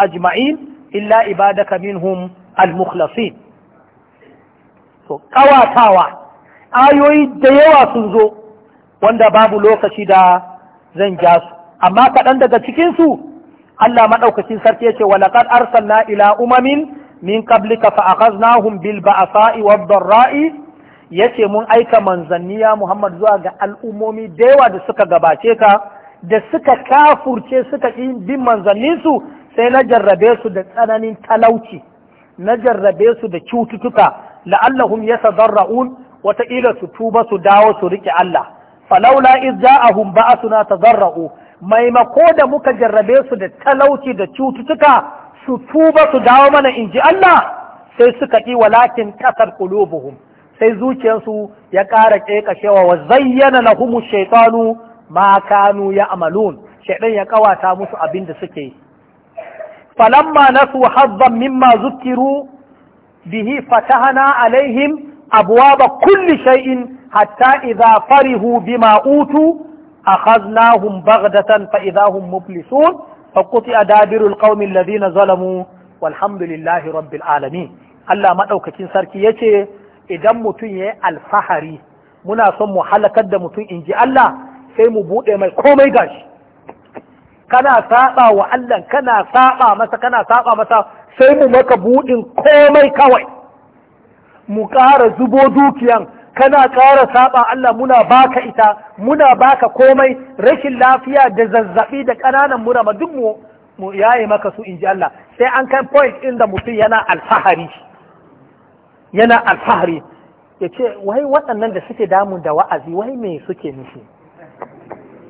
ajma'in illa ibadaka minhum al-mukhlasin so kawatawa ayoyi da yawa sun zo wanda babu lokaci da zan ja su amma kaɗan daga cikinsu Allah maɗaukacin sarki yace wa laqad arsalna ila umamin min qablika fa akhaznahum bil ba'sa'i wad dharra'i yace mun aika manzanniya Muhammad zuwa ga al'ummomi da yawa da suka gabace ka da suka kafurce suka ƙi bin manzanninsu sai na jarrabe su da tsananin talauci na jarrabe su da cututtuka la'allahum yatadarra'un wataƙila su tuba su dawo su riƙe Allah falaula iz ja'ahum ba'suna tadarra'u maimako da muka jarrabe su da talauci da cututtuka su tuba su dawo mana in ji Allah sai suka ƙi walakin ƙasar qulubuhum sai zuciyarsu ya ƙara ƙeƙashewa wa zayyana lahumu shaitanu ma kanu ya amalun Shaiɗan ya ƙawata musu abin da suke falamma nasu hazban mimma zukiru bihi fatahana alaihim abwaba kulli shay'in hatta idza farihu a utu akhadnahum baghdatan fa idahum muflisun فقطع دابر القوم الذين ظلموا والحمد لله رب العالمين Allah maɗaukacin sarki yace idan mutum ya yi alfahari muna son mu halakar da mutum in ji Allah sai mu buɗe mai komai gashi kana saɓa wa Allah kana saɓa masa kana saɓa masa sai mu maka buɗin komai kawai mu ƙara zubo dukiyan kana ƙara saba Allah muna baka ita muna baka komai rashin lafiya da zazzaɓi da ƙananan mura ma duk mu mu maka su inji Allah sai an kai point ɗin da mutum yana alfahari yana alfahari ya ce wai waɗannan da suke damun da wa'azi wai me suke nufi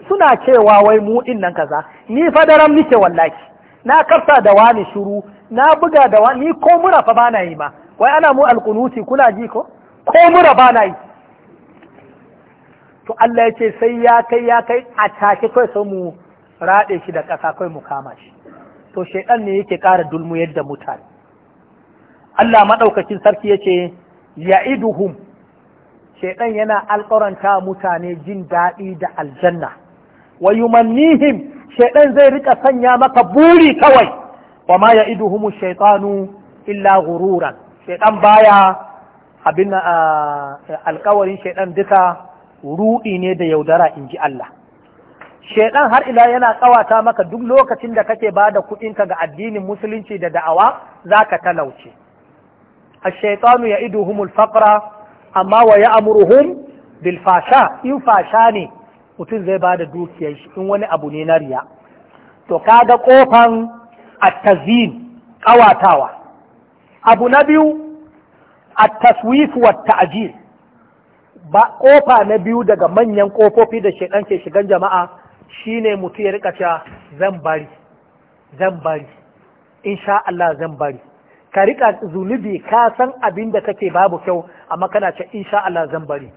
suna cewa wai mu nan kaza ni fadaran nike wallahi na kasa da wani shuru na buga da wani ni ko mura fa bana yi ma wai ana mu alqunuti kuna ji ko ko mura bana yi to Allah ya ce sai ya kai ya kai a take kai sai mu rade shi da ƙasa kai mu kama shi to shaidan ne yake ƙara dulmu yadda mutane Allah maɗaukacin sarki yace ya'iduhum shaidan yana alƙaranta mutane jin daɗi da aljanna wa yumannihim shaidan zai rika sanya maka buri kawai wa ma ya'iduhumu shaitanu illa gururan. shaidan baya abin alkawarin shaidan duka ruɗi ne da yaudara in ji Allah shaidan har ila yana kawata maka duk lokacin da kake ba da kuɗinka ga addinin musulunci da da'awa za ka talauce ya iduhumul الفقر amma wa ya'muruhum bil fasha in fasha ne mutum zai ba da dukiyar shi in wani abu ne na riya to kaga kofan attazin ƙawatawa abu na biyu attaswifu wa ta'jil ba kofa na biyu daga manyan kofofi da shedan ke shigan jama'a shine mutum ya rika cewa zan bari zan bari insha Allah zan bari ka rika zunubi ka san abin da kake babu kyau amma kana ce insha Allah zan bari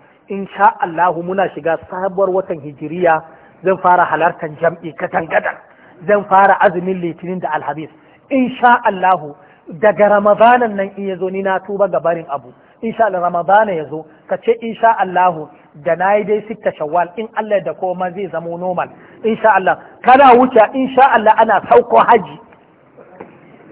sha Allahu muna shiga sabuwar watan hijiriya zan fara halartar jam'i katangadar zan fara azumin litinin da alhamis sha Allahu daga ramadanan nan in yazo ni na tuba ga barin abu sha Allah ramadana yazo ka ce sha Allahu da yi dai sitta shawwal in Allah da koma zai zamo normal sha Allah kana wuce sha Allah ana sauko haji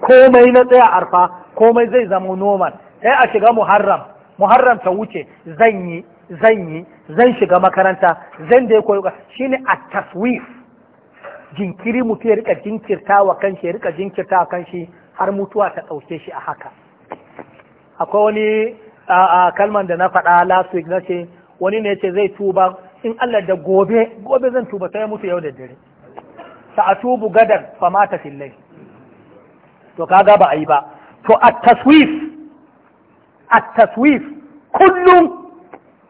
komai na tsaya arfa komai zai zamo normal sai a shiga muharram muharram ta wuce zan yi zan yi zan shiga makaranta zan da ya koyo shine a taswif jinkiri mutu ya rika jinkirta wa kanshi ya rika jinkirta wa kanshi har mutuwa ta ɗauke shi a haka akwai wani a kalman da na faɗa last week na ce wani ne ce zai tuba in Allah da gobe gobe zan tuba sai ya mutu yau da dare tubu gadar fa mata fillai to kaga ba a yi ba to a taswif a taswif kullum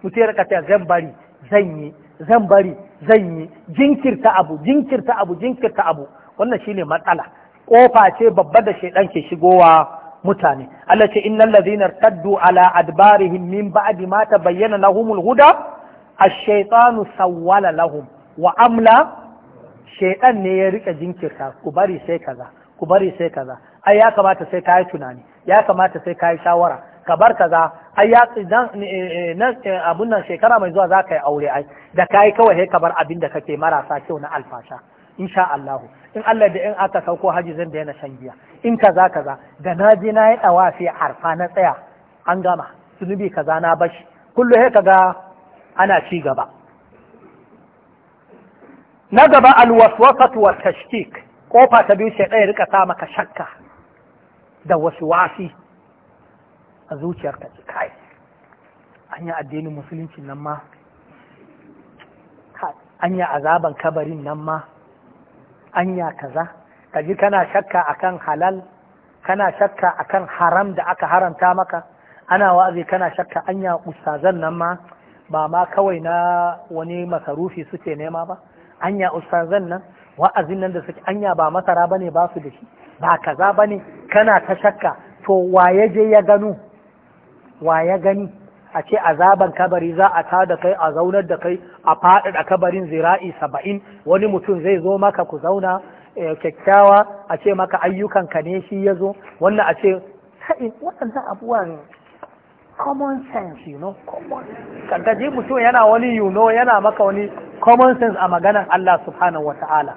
mutum ya rika zan bari zan yi zan bari zan yi jinkirta abu jinkirta abu jinkirta abu wannan shine matsala kofa ce babba da shaidan ke shigowa mutane Allah ce innal ladhina taddu ala adbarihim min ba'di ma tabayyana lahumul huda ash-shaytanu sawwala lahum wa amla shaidan ne ya rika jinkirta ku bari sai kaza ku bari sai kaza ai ya kamata sai kai tunani ya kamata sai kai shawara ka bar kaza ai ya eh, eh, nan eh, abun nan shekara mai zuwa za ka yi aure ai da ka kawai sai ka bar abin da kake marasa kyau na alfasha insha Allah in Allah da in aka sauko haji zan da yana shan giya in kaza kaza da na je na yi dawafi arfa na tsaya an gama zunubi kaza na bashi kullu sai kaga ana ci gaba na gaba alwaswasatu wa tashkik kofa ta biyu sai ɗaya rika sa maka shakka da wasu wasi a zuciyar ka ce kai anya addinin musulunci nan ma Anya azaban kabarin nan ma Anya kaza Kaji kana shakka akan halal kana shakka akan haram da aka haramta maka ana wa'azi kana shakka anya ustazan nan ma ba ma kawai na wani masarufi suke nema ba anya ustazan nan wa'azin nan da suke anya ba masara bane ba su da shi ba kaza bane kana ta shakka to waye je ya gano wa ya gani a ce azaban kabari za a ta da kai a zaunar da kai a da kabarin zira'i saba'in wani mutum zai zo maka ku zauna eh, kyakkyawa a ce maka ayyukan ka ne shi ya zo wannan a ce sa'in waɗannan abubuwan common sense you know common Kankaji mutum yana wani you know yana maka wani common sense a maganan Allah subhanahu wata'ala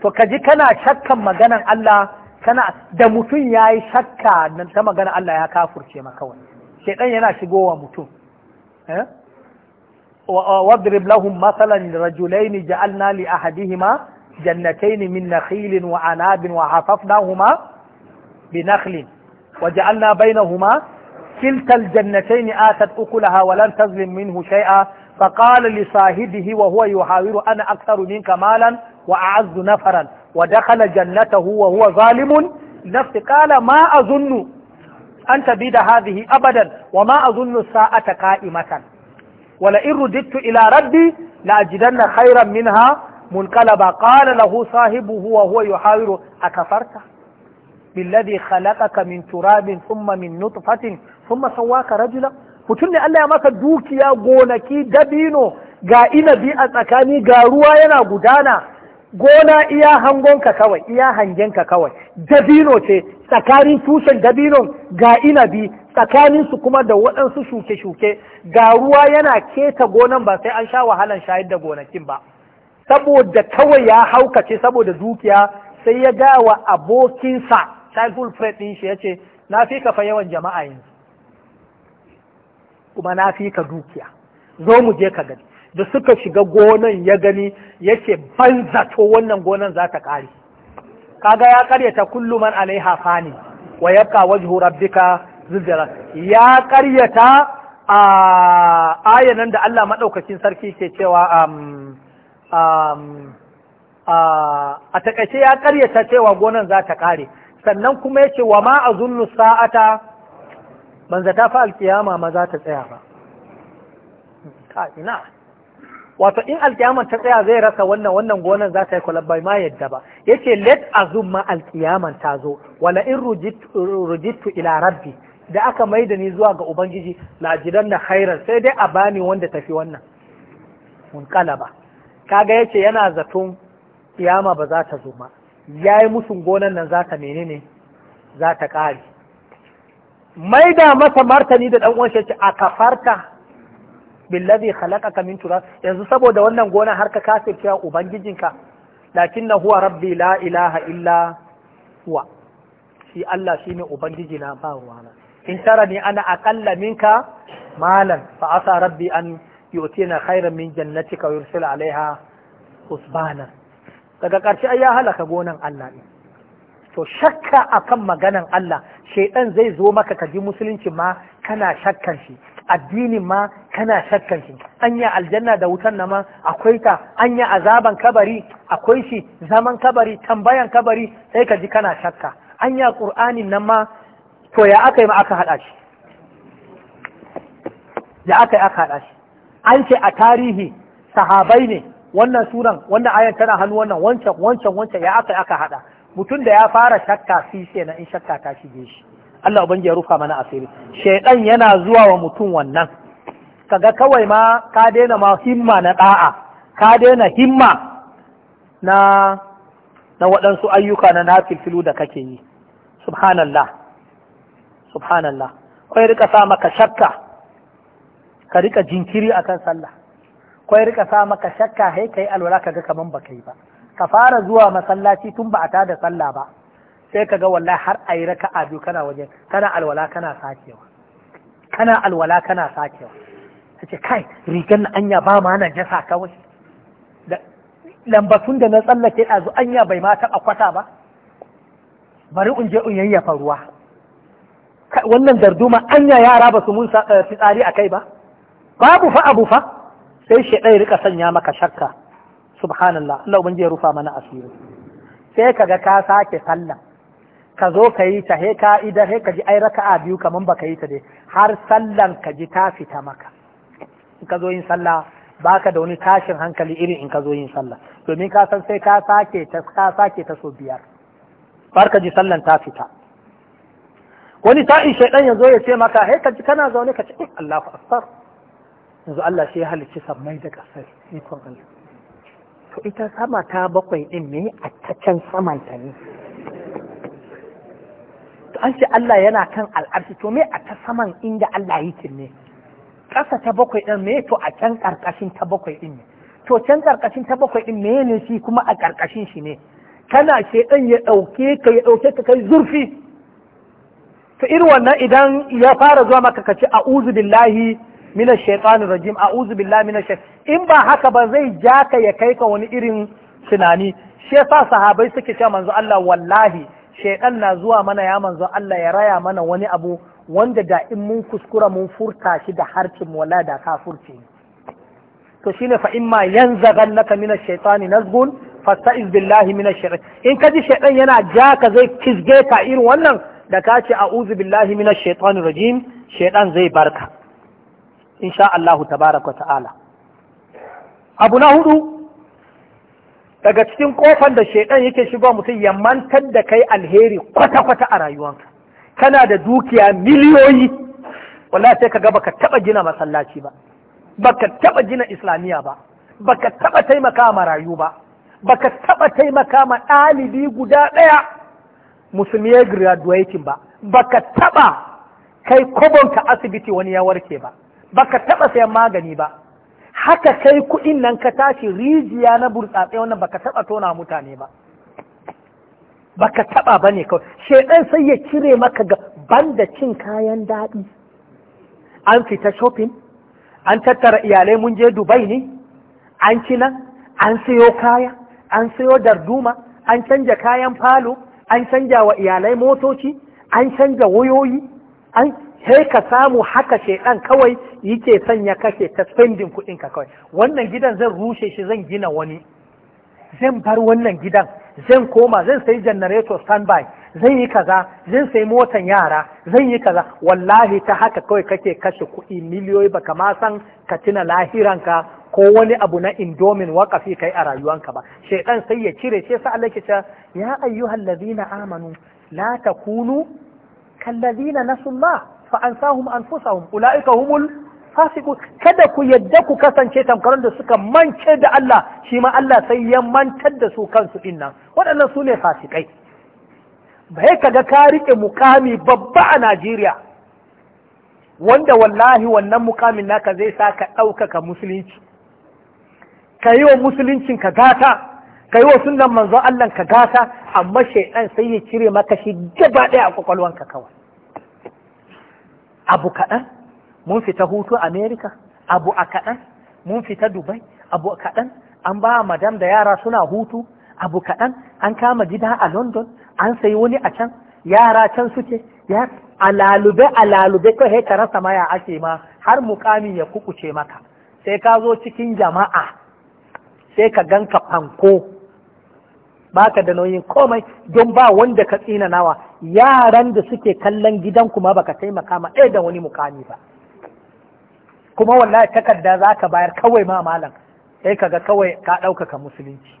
to kaji kana shakkan maganan Allah kana da mutum ya yi shakka ta maganan Allah ya kafurce maka wani shaidan yana shigowa mutum واضرب لهم مثلا رجلين جعلنا لأحدهما جنتين من نخيل وعناب وعطفناهما بنخل وجعلنا بينهما كلتا الجنتين آتت أكلها ولن تظلم منه شيئا فقال لصاحبه وهو يحاور أنا أكثر منك مالا وأعز نفرا ودخل جنته وهو ظالم نفسه قال ما أظن an tafi da hadhihi abadan wa ma azunnu sa'ata qa'imatan wala in rudittu ila rabbi na la ajidanna khairan minha munqalaba qala lahu sahibuhu wa huwa yuhawiru akafarta billadhi khalaqaka min turabin thumma min nutfatin thumma sawwaka rajula mutum ne Allah ya maka dukiya gonaki dabino ga inabi a tsakani ga ruwa yana gudana gona iya hangonka kawai iya hangenka kawai dabino ce tsakanin tushen dabinon ga inabi tsakanin su kuma da waɗansu shuke-shuke ga ruwa yana keta gonan ba sai an sha wahalan shayar da gonakin ba saboda kawai ya haukace saboda dukiya sai ya ga wa abokinsa shaiful fred ɗin shi ya ce na fi ka yawan jama'a yanzu kuma na fi ka dukiya zo mu je ka gani da suka shiga gonan ya gani ya ce ban zato wannan gonan za ta ƙare kaga ya karyata kullu man alaiha fani wa yabqa wajhu rabbika zuljalal ya karyata a ayanan da Allah madaukakin sarki ke cewa um, um, a takaice ya karyata cewa gonan za ta kare sannan kuma ya ce wa ma a zunnu sa'ata ban fa alkiyama ma za ta tsaya ba ina wato in alkiyaman ta tsaya zai rasa wannan wannan gonan za ta yi kwalab ma yadda ba yace let azum ma alkiyaman ta zo wala in rujitu ila rabbi da aka maida ni zuwa ga ubangiji lajidan na khairan sai dai a bani wanda tafi wannan Mun munqalaba kaga yace yana zaton kiyama ba za ta zo ma yayi musun gonan nan za ta menene za ta kare maida masa martani da dan uwan shi a kafarta billazi khalaqaka min turab yanzu saboda wannan gona har ka cewa ubangijinka lakinna huwa rabbi la ilaha illa huwa shi Allah shine ubangiji na ba ruwana in tarani ana aqalla minka malan fa asa rabbi an yu'tina khairan min jannatika wa yursil alaiha usbana daga karshe ai ya halaka gonan Allah ne to shakka akan maganan Allah shaidan zai zo maka ka ji musulunci ma kana shakkan shi addinin ma kana shakkan shi anya aljanna da wutan na ma akwai ta anya azaban kabari akwai shi zaman kabari tambayan kabari sai ka ji kana shakka anya qur'anin nan ma to ya aka yi ma aka hada shi ya aka yi aka hada shi an ce a tarihi sahabai ne wannan suran wannan ayan tana hannu wannan wancan wancan wancan ya aka yi aka hada mutum da ya fara shakka fi sai na in shakka ta shige shi Allah ubangi ya rufa mana asiri shaidan yana zuwa wa mutum wannan kaga kawai ma ka daina ma himma na ɗa'a, ka daina himma na waɗansu ayyuka na nafilfilu da kake yi subhanallah subhanallah kwai rika sa maka shakka ka rika jinkiri akan sallah kwai rika sa maka shakka hai kai alwala kaga kaman baka yi ba ka fara zuwa masallaci tun ba a tada sallah ba sai ka ga wallahi har a yi raka a biyu kana waje kana alwala kana sakewa kana alwala kana sakewa ta ce kai rigar na anya ba ma na jasa kawai lambatun da na tsallake ɗazu anya bai ma taɓa kwata ba bari in je in yayyafa ruwa wannan darduma anya yara ba su mun eh, fitsari a kai ba babu fa abu fa sai shaɗai rika sanya maka shakka subhanallah Allah ubangiji ya rufa mana asiri sai kaga ka sake sallah ka zo ka yi ta he ka idan, he ka ji ai raka'a biyu kaman baka yi ta dai har sallan ka ji ta fita maka in ka zo yin sallah baka da wani tashin hankali irin in ka zo yin sallah domin ka san sai ka sake ta ka sake ta so biyar har ka ji sallan ta fita wani sa'in shaidan ya zo ya ce maka he ka ji kana zaune ka ce eh, Allahu akbar yanzu Allah shi ya halicci sammai da ƙasar ikon Allah to ita sama ta bakwai din me a ta samanta ne to an ce Allah yana kan al'arshi to me a ta saman inda Allah yake ne ƙasa ta bakwai ɗin me to a can ƙarƙashin ta bakwai ɗin ne to can ƙarƙashin ta bakwai ɗin me ne shi kuma a ƙarƙashin shi ne kana shaidan ya ɗauke ka ya ɗauke ka kai zurfi to irin wannan idan ya fara zuwa maka ka ce a'udhu billahi minash shaitanir rajim a'udhu billahi minash in ba haka ba zai ja ka ya kai ka wani irin tunani shi yasa sahabai suke cewa manzo Allah wallahi shaidan na zuwa mana ya manzon Allah ya raya mana wani abu wanda da in mun kuskura mun furta shi da harcin wala da ka furce to shine fa imma yanzaghannaka min ash-shaytani nazghun fasta'iz billahi min ash in kaji shaidan yana ja ka zai kisge ka irin wannan da ka ce a'udhu billahi min rajim shaidan zai barka insha Allah tabaraka ta'ala abu na hudu daga cikin kofan da shaidan yake shigo mutum ya mantar da kai alheri kwata-kwata a rayuwanka kana da dukiya miliyoyi wallahi sai ka ga baka taɓa gina masallaci ba baka taba gina islamiyya ba baka taba taimaka marayu ba baka taɓa taimaka ma ɗalibi guda ɗaya musulmi ya graduating ba baka taɓa kai kobonka asibiti wani ya warke ba baka taɓa sayan magani ba haka kai kuɗin nan ka tashi rijiya na burtsatse wannan baka taɓa tona mutane ba baka taɓa ba kawai shedan sai ya cire maka ga da cin kayan daɗi an fita shopping an tattara iyalai mun je dubai ne an ci nan an siyo kaya an sayo darduma an canja kayan falo an canja wa iyalai motoci an canja wayoyi an sai ka samu haka shaiɗan kawai yake sanya kake ta spending kuɗin ka kawai wannan gidan zan rushe shi zan gina wani zan bar wannan gidan zan koma zan sai generator standby zan yi kaza zan sai motan yara zan yi kaza wallahi ta haka kawai kake kashe kuɗi miliyoyi baka ma san ka tuna lahiranka ko wani abu na indomin waƙafi kai a rayuwanka ba shaitan sai ya cire sai sa Allah ke ce ya ayyuhal ladina amanu la takunu kal ladina nasullah fa ansahum anfusahum ulaika humul fasiku kada ku yadda ku kasance tamkaran da suka mance da Allah shi ma Allah sai ya mantar da su kansu din nan waɗannan su ne fasikai bai kaga ka riƙe mukami babba a Najeriya wanda wallahi wannan mukamin naka zai sa ka ɗaukaka musulunci ka yi wa musuluncin ka gata ka yi wa sunan manzon Allah ka gata amma shaidan sai ya cire maka shi gaba ɗaya a kwakwalwanka kawai abu kaɗan mun fita hutu Amerika abu a kaɗan mun fita Dubai abu a kaɗan an ba madam da yara suna hutu abu kaɗan an kama gida a London an sayi wani a can yara can suke ya alalube alalube ko he rasa maya ake ma har mukamin ya kukuce maka sai ka zo cikin jama'a sai ka ganka fanko baka da nauyin komai don ba wanda ka tsina nawa yaran da suke kallon gidan kuma baka taimaka ma ɗaya da wani mukami ba kuma wallahi takarda za ka bayar kawai ma malam sai ga kawai ka ɗaukaka musulunci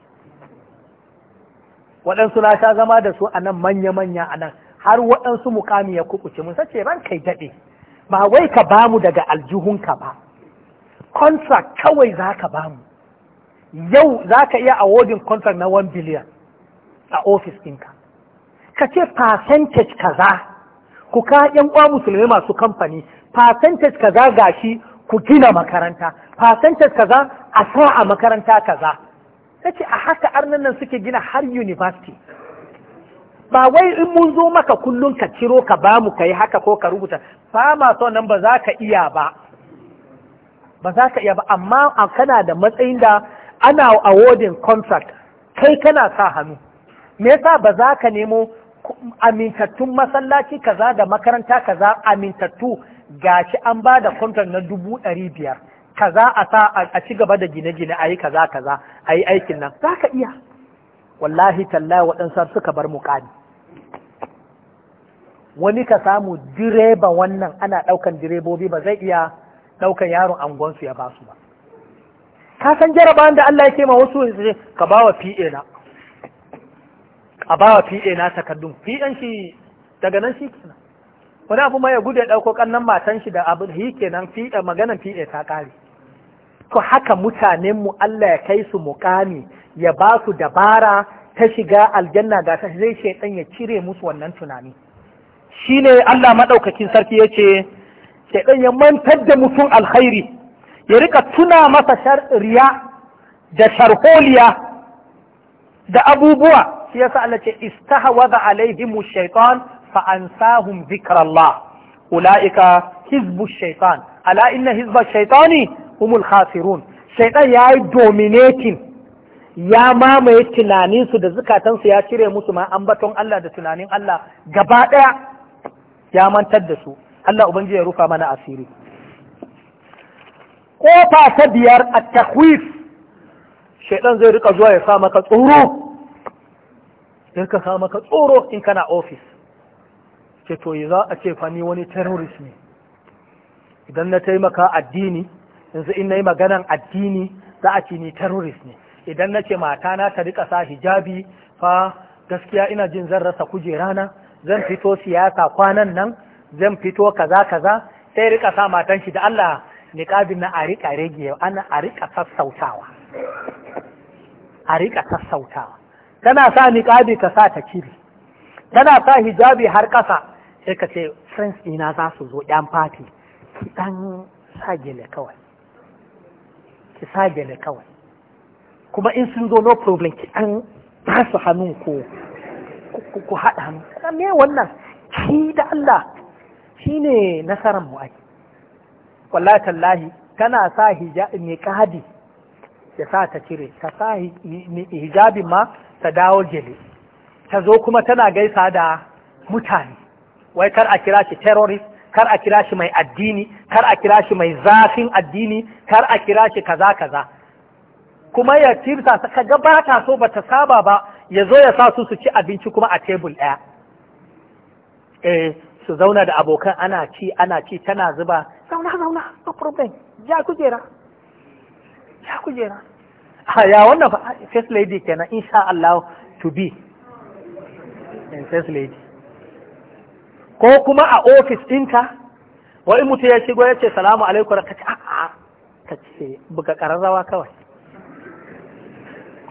waɗansu na sha zama da su a nan manya-manya a nan har waɗansu mukami ya kukuce mun sace ran kai daɗe ba wai ka bamu daga aljihunka ba contract kawai za ka bamu yau za ka iya awodin contract na 1 billion a ofis ɗinka ka ce percentage kaza ku ka yan uwa musulmi masu kamfani percentage kaza gashi ku gina makaranta fasantar kaza a sa a makaranta kaza ta ce a haka arnan nan suke gina har university ba wai in mun zo maka kullum ka ciro ka ba mu ka yi haka ko ka rubuta ba ma so nan ba za ka iya ba ba za ka iya ba amma kana da matsayin da ana awodin contract kai kana sa hannu me yasa ba za ka nemo amintattun masallaci kaza da makaranta kaza amintattu Ga shi an ba da kwantar na dubu ɗari biyar kaza a sa a ci gaba da gine-gine a yi kaza kaza a yi aikin nan za ka iya wallahi tallahi waɗansu suka bar muƙami wani ka samu direba wannan ana ɗaukan direbobi ba zai iya ɗaukan yaron angonsu ya basu ba ka san jaraba da Allah yake ma wasu ka ba wa PA na a ba wa PA na takardun PA shi daga nan shi kenan wani abu mai ya gudu ya ɗauko ƙannan matan shi da abu yi kenan fiɗa maganan fiɗe ta ƙare to haka mutanen mu Allah ya kai su muƙami ya ba su dabara ta shiga aljanna ga ta zai shaidan ya cire musu wannan tunani Shi ne Allah maɗaukakin sarki ya yace shaidan ya mantar da mutum alkhairi ya rika tuna masa shari'a da sharholiya da abubuwa shi yasa Allah ce istahawadha alaihimu shaitan Fa'ansahun ansahum zikrallah ulaika hizbu shaitan ala inna hizba shaitani humul khasirun shaiɗan ya yi dominating ya mamaye tunaninsu da zukatansu ya cire musu ma ambaton Allah da tunanin Allah gaba ɗaya ya mantar da su Allah ubangiji ya rufa mana asiri kofa ta biyar a takwif shaiɗan zai rika zuwa ya sa maka tsoro in ka sa maka tsoro in kana ofis ce to za a ce fani wani terrorist ne idan na taimaka addini yanzu in na yi maganan addini za a ce ni terrorist ne idan na ce matana ta rika sa hijabi fa gaskiya ina jin zan rasa kujerana zan fito siyasa kwanan nan zan fito kaza kaza sai rika sa matan shi da Allah kabin na a rika rage ana a rika sassautawa a rika sassautawa tana sa niƙabi ka sa ta kiri tana sa hijabi har kasa sai ka ce friends ina za su zo ɗan fati ki ɗan sa kawai ki sa kawai kuma in sun zo no problem ki ɗan su hannun ko ku haɗa hannu me wannan shi da Allah shi ne nasarar mu ai wallahi tallahi tana sa hijabi mai kadi ya sa ta cire ta sa hijabin ma ta dawo gele ta zo kuma tana gaisa da mutane wai kar a kira shi terrorist kar a kira shi mai addini kar a kira shi mai zafin addini kar a kira shi kaza kaza kuma ya tirsa ka ga ba ta so ba ta saba ba ya zo ya sa su su ci abinci kuma a tebul ɗaya eh su zauna da abokan ana ci ana ci tana zuba zauna zauna no problem ja kujera ja kujera ah, ya wannan ah, first lady kenan insha Allah to be eh, first lady ko kuma a ofis ɗinka in mutu ya shigo ya ce salamu alaikum ka ce a'a ka ce buga ƙararrawa kawai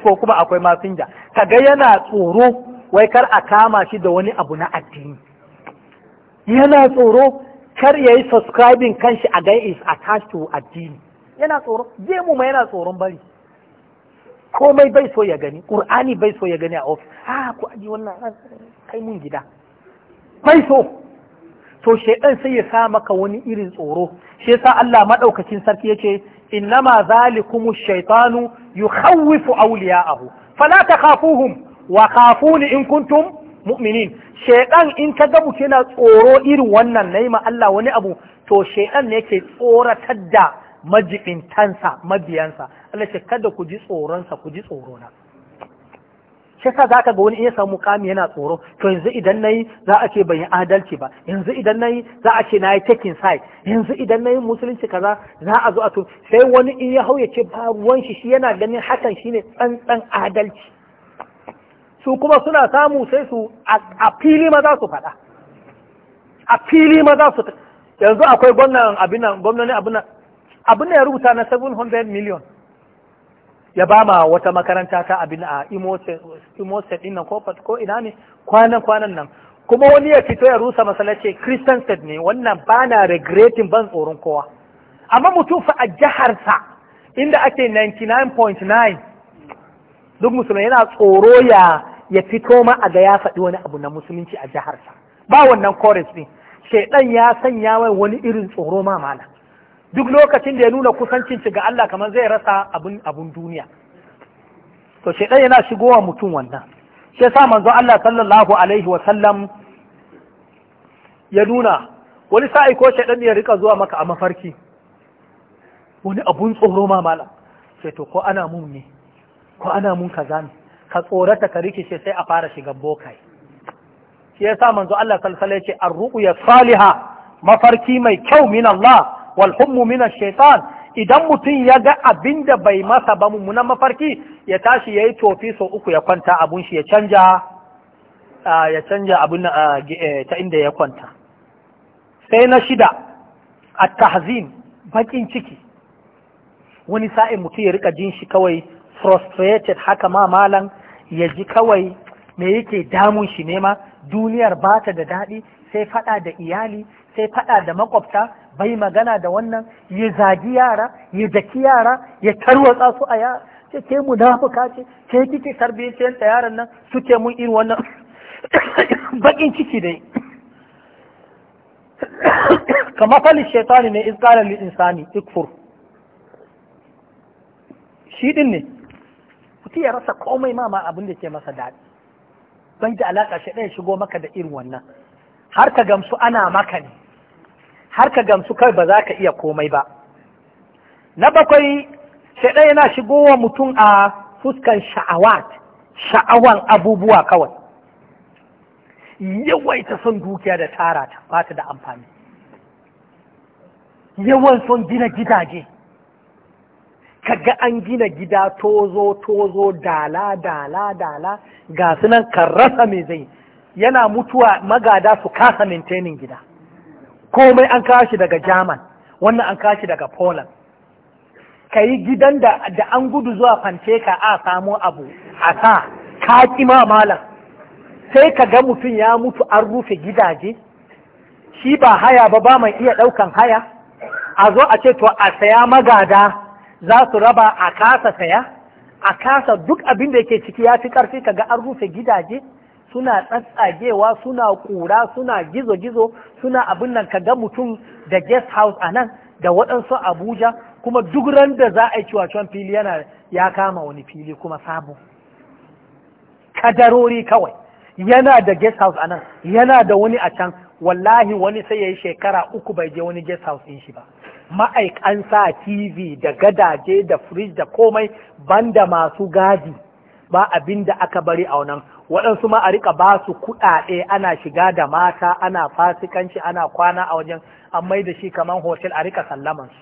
ko kuma akwai masinja ka ga yana tsoro wai kar a kama shi da wani abu na addini yana tsoro kar ya yi subscribing kanshi a ga is attached to addini yana tsoro mu yana tsoron bari komai bai so ya gani ƙur'ani bai so ya gani a ofis a ah, ku aji wannan kai mun gida Faiso! so to shaidan sai ya sa maka wani irin tsoro shi yasa Allah madaukakin sarki yace innama zalikumu shaytanu yukhawwifu awliya'ahu fala takhafuhum wa khafuni in kuntum mu'minin shaidan in ka ga mutum tsoro irin wannan nayi ma Allah wani abu to shaidan ne yake tsoratar da majibintansa mabiyansa Allah ce kada ku ji tsoronsa ku ji tsorona shi yasa ka ga wani in ya samu kami yana tsoro to yanzu idan nayi za a ce ban yi adalci ba yanzu idan nayi za a ce yi taking sai yanzu idan nayi musulunci kaza za a zo a to sai wani in ya hau ya ce ba ruwan shi shi yana ganin hakan shine tsantsan adalci su kuma suna samu sai su a fili maza su faɗa a fili maza su yanzu akwai gwamnan abin nan gwamnani abin nan abin ya rubuta na 700 million ya ba ma wata makaranta ta abin a imoset ɗin nan ko ina ne kwanan kwanan nan kuma wani ya fito ya rusa masallaci christian state ne wannan ba na regretting ban tsoron kowa amma mutum fa a jiharsa inda ake 99.9 duk musulmi yana tsoro ya fito ma a ga ya faɗi wani abu na musulunci a jiharsa ba wannan chorus ne shaidan ya sanya wani irin tsoro ma mana duk lokacin da ya nuna kusancin ga Allah kamar zai rasa abun abun duniya to shedan yana shigowa mutum wannan shi sa manzo Allah sallallahu alaihi wa sallam ya nuna wani sa'i ko shedan ya rika zuwa maka a mafarki wani abun tsoro ma malam sai to ko ana mun ne ko ana mun kaza ne ka tsorata ka rikice sai a fara shiga bokai shi sa manzo Allah sallallahu alaihi wa sallam ya ce ar-ru'ya salihah mafarki mai kyau min Allah wal hummu shaitan idan mutum ya ga abin da bai masa ba mummunan mafarki ya tashi yayi yi tofi sau uku ya kwanta abun shi ya canja ya canja abun eh, ta inda ya kwanta sai na shida a tahzin bakin ciki wani sa'in mutum ya rika jin shi kawai frustrated haka ma malan ya ji kawai me yake damun shi nema duniyar bata da daɗi sai faɗa da iyali sai faɗa da makwabta bai magana da wannan ya zagi yara ya daki yara ya tarwatsa su a yara ce ke munafuka ce ke kike tarbiyyar yaran nan suke mun irin wannan bakin ciki dai kama fali shaitani ne izgara qala insani ikfur shi din ne kuti ya rasa komai ma ma abin da ke masa daɗi bai da alaka shi ɗaya shigo maka da irin wannan har ka gamsu ana maka ne har ka gamsu kai ba za ka iya komai ba na bakwai shaɗa yana shigowa mutum a fuskan sha'awat sha'awan abubuwa kawai yawai ta son dukiya da tara ta bata da amfani yawan son gina gidaje ga an gina gida tozo tozo dala dala dala ga sunan karrasa mai zai yana mutuwa magada su kasa maintaining gida komai an kawo shi daga German wannan an kawo shi daga Poland ka yi gidan da an gudu zuwa fance ka a samo abu a sa ka ma malam sai ka ga mutum ya mutu an rufe gidaje shi ba haya ba ba mai iya ɗaukan haya a zo a ce to a saya magada za su raba a kasa saya a kasa duk abin da yake ciki ya fi ƙarfi ka ga an rufe gidaje suna tsatsagewa suna kura suna gizo-gizo suna abin nan ka ga mutum da guest house a nan da waɗansu abuja kuma duk ran da za a yi ciwacon fili yana ya kama wani fili kuma sabu kadarori kawai yana da guest house a nan yana da wani a can wallahi wani sai ya yi shekara uku bai je wani guest house ɗin shi ba Ma'aikansa tv da gadaje da fridge da komai banda masu gadi ba abin da aka bari a wannan waɗansu ma a riƙa ba su kuɗaɗe ana shiga da mata ana fasikanci ana kwana a wajen an mai da shi kamar hotel a riƙa sallaman su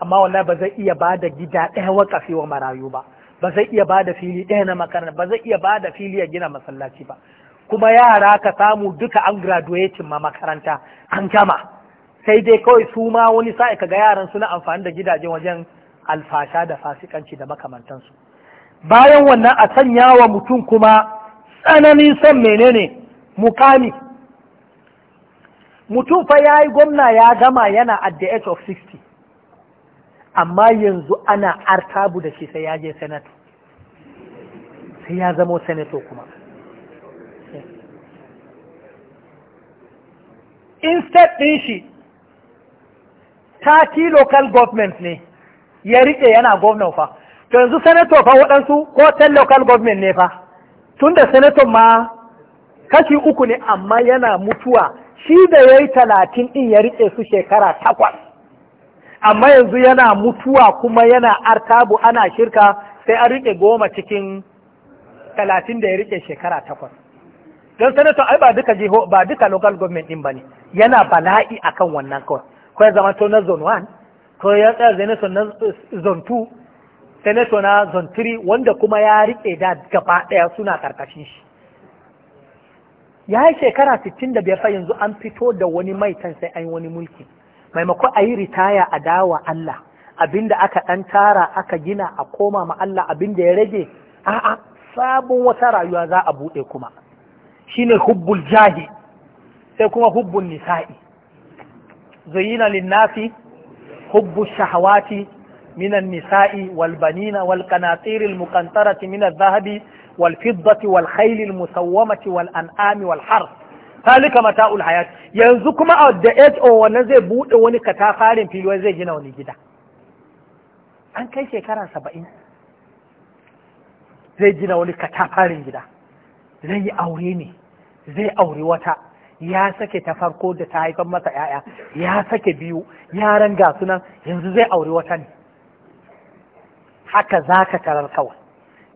amma wallahi ba zai iya ba da gida ɗaya wakafi wa marayu ba ba zai iya ba da fili ɗaya na makaranta ba zai iya ba da fili ya gina masallaci ba kuma yara ka samu duka an graduating ma makaranta an gama sai dai kawai su ma wani sa'i kaga yaran suna amfani da gidajen wajen alfasha da fasikanci da makamantansu bayan wannan a sanya wa mutum kuma tsananin son menene mukami mutum fa ya yi gwamna ya gama yana at the age of 60 amma yanzu ana artabu da shi sai ya je senato sai ya zama senato kuma instead ɗin shi ta local government ne ya riƙe yana gwamna fa to yanzu senator fa waɗansu ko ten local government ne fa tun da senator ma kashi uku ne amma yana mutuwa shi da ya yi talatin ɗin ya riƙe su shekara takwas amma yanzu yana mutuwa kuma yana artabu ana shirka sai an riƙe goma cikin talatin da ya riƙe shekara takwas don senator ai ba duka jiho ba duka local government ɗin ba ne yana bala'i akan wannan kawai ko ya zama to na zone 1 ko ya tsaya zai na zone senator na zontiri wanda kuma ya riƙe da gaba ɗaya suna ƙarƙashin shi ya yi shekara 65 fa yanzu an fito da wani mai can sai an yi wani mulki maimako a yi ritaya a dawa Allah abinda aka ɗan tara aka gina a koma ma Allah abinda ya rage a'a sabon wata rayuwa za a buɗe kuma shine hubbul jahi sai kuma hubbul nisa'i zayyina linnafi, hubbu shahawati من النساء والبنين والقناطير المقنطرة من الذهب والفضة والخيل المسومة والأنعام والحرث ذلك متاع الحياة yanzu kuma a da age on zai buɗe wani katafarin fili wai zai gina wani gida an kai shekara saba'in zai gina wani katafarin gida zai yi aure ne zai aure wata ya sake ta farko da ta haifar masa 'ya'ya ya sake biyu yaran ga sunan yanzu zai aure wata ne haka za ka karar kawai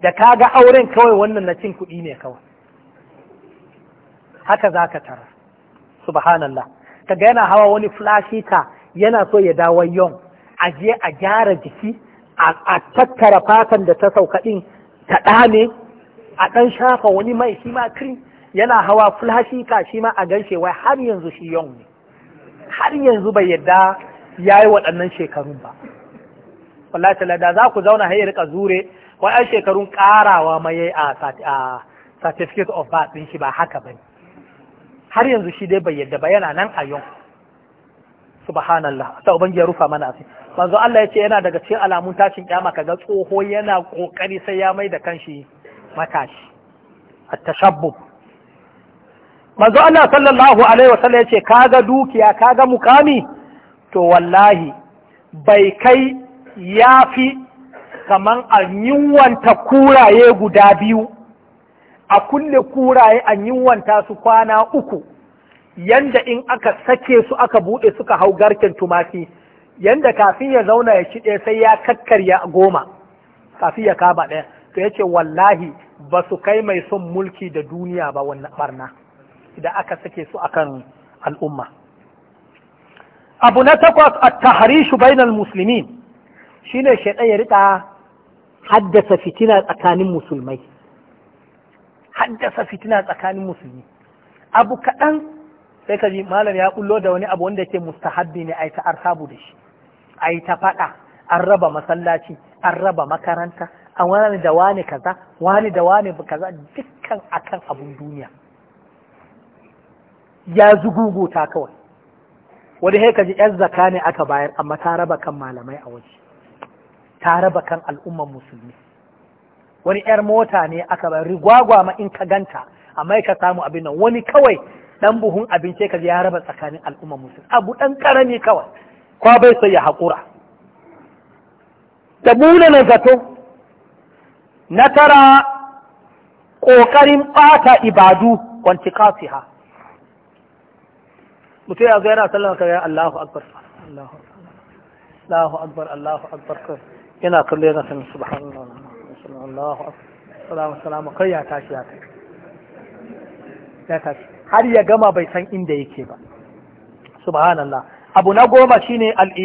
da ka ga auren kawai wannan na cin kuɗi ne kawai haka za ka tarar subhanallah kaga yana hawa wani flashita yana so ya dawo yon a je a gyara jiki a tattara fatan da ta sauka ɗin ta ɗame a ɗan shafa wani mai shi ma krim yana hawa flashita shi ma a ganshe wai har yanzu shi yon ne har yanzu bai yadda ya yi waɗannan shekarun ba wallahi talla da za ku zauna hayar rika zure wai an shekarun karawa mai a certificate of birth din shi ba haka bane har yanzu shi dai bai yadda ba yana nan a yau subhanallah ta ubangi ya rufa mana asiri manzo Allah ya ce yana daga cikin alamun tashin kiyama kaga tsoho yana kokari sai ya mai da kanshi matashi at-tashabbub manzo Allah sallallahu alaihi wa sallam ya ce kaga dukiya kaga mukami to wallahi bai kai ya fi kaman a yiwanta kuraye guda biyu a kulle kuraye a yiwanta su kwana uku yanda in aka sake su aka buɗe suka hau garken tumaki yanda kafin ya zauna ya ci ɗaya sai ya kakkarya goma kafin ya kaba ɗaya to ya wallahi ba su kai mai son mulki da duniya ba wannan barna idan aka sake su akan al'umma abu na takwas a taharishu bainal Musulmi. shine shaidan ya rika haddasa fitina tsakanin musulmai haddasa fitina tsakanin musulmi abu kaɗan sai ka ji malam ya kullo da wani abu wanda yake mustahabbi ne a yi ta sabu da shi a yi ta faɗa an raba masallaci an raba makaranta an wani da wani kaza wani da wani kaza dukkan akan abun duniya ya ta kawai wani haika ji yan zaka ne aka bayar amma ta raba kan malamai a waje ta raba kan al'umman musulmi wani yar mota ne aka ba rigwagwa ma in ka ganta amma ka samu abin nan wani kawai dan buhun abinci ka ya raba tsakanin al'umman musulmi abu dan karami kawai kwa bai sai ya haƙura da na zato na tara ƙoƙarin ɓata ibadu wanti kasiha mutum ya zo yana sallama kaga Allahu akbar Allahu akbar Allahu akbar Allahu akbar yana kallo yana sanin subhanallah Allahu akbar salamu salamu kai ya tashi ya kai ya tashi har ya gama bai san inda yake ba subhanallah abu na goma shine al'i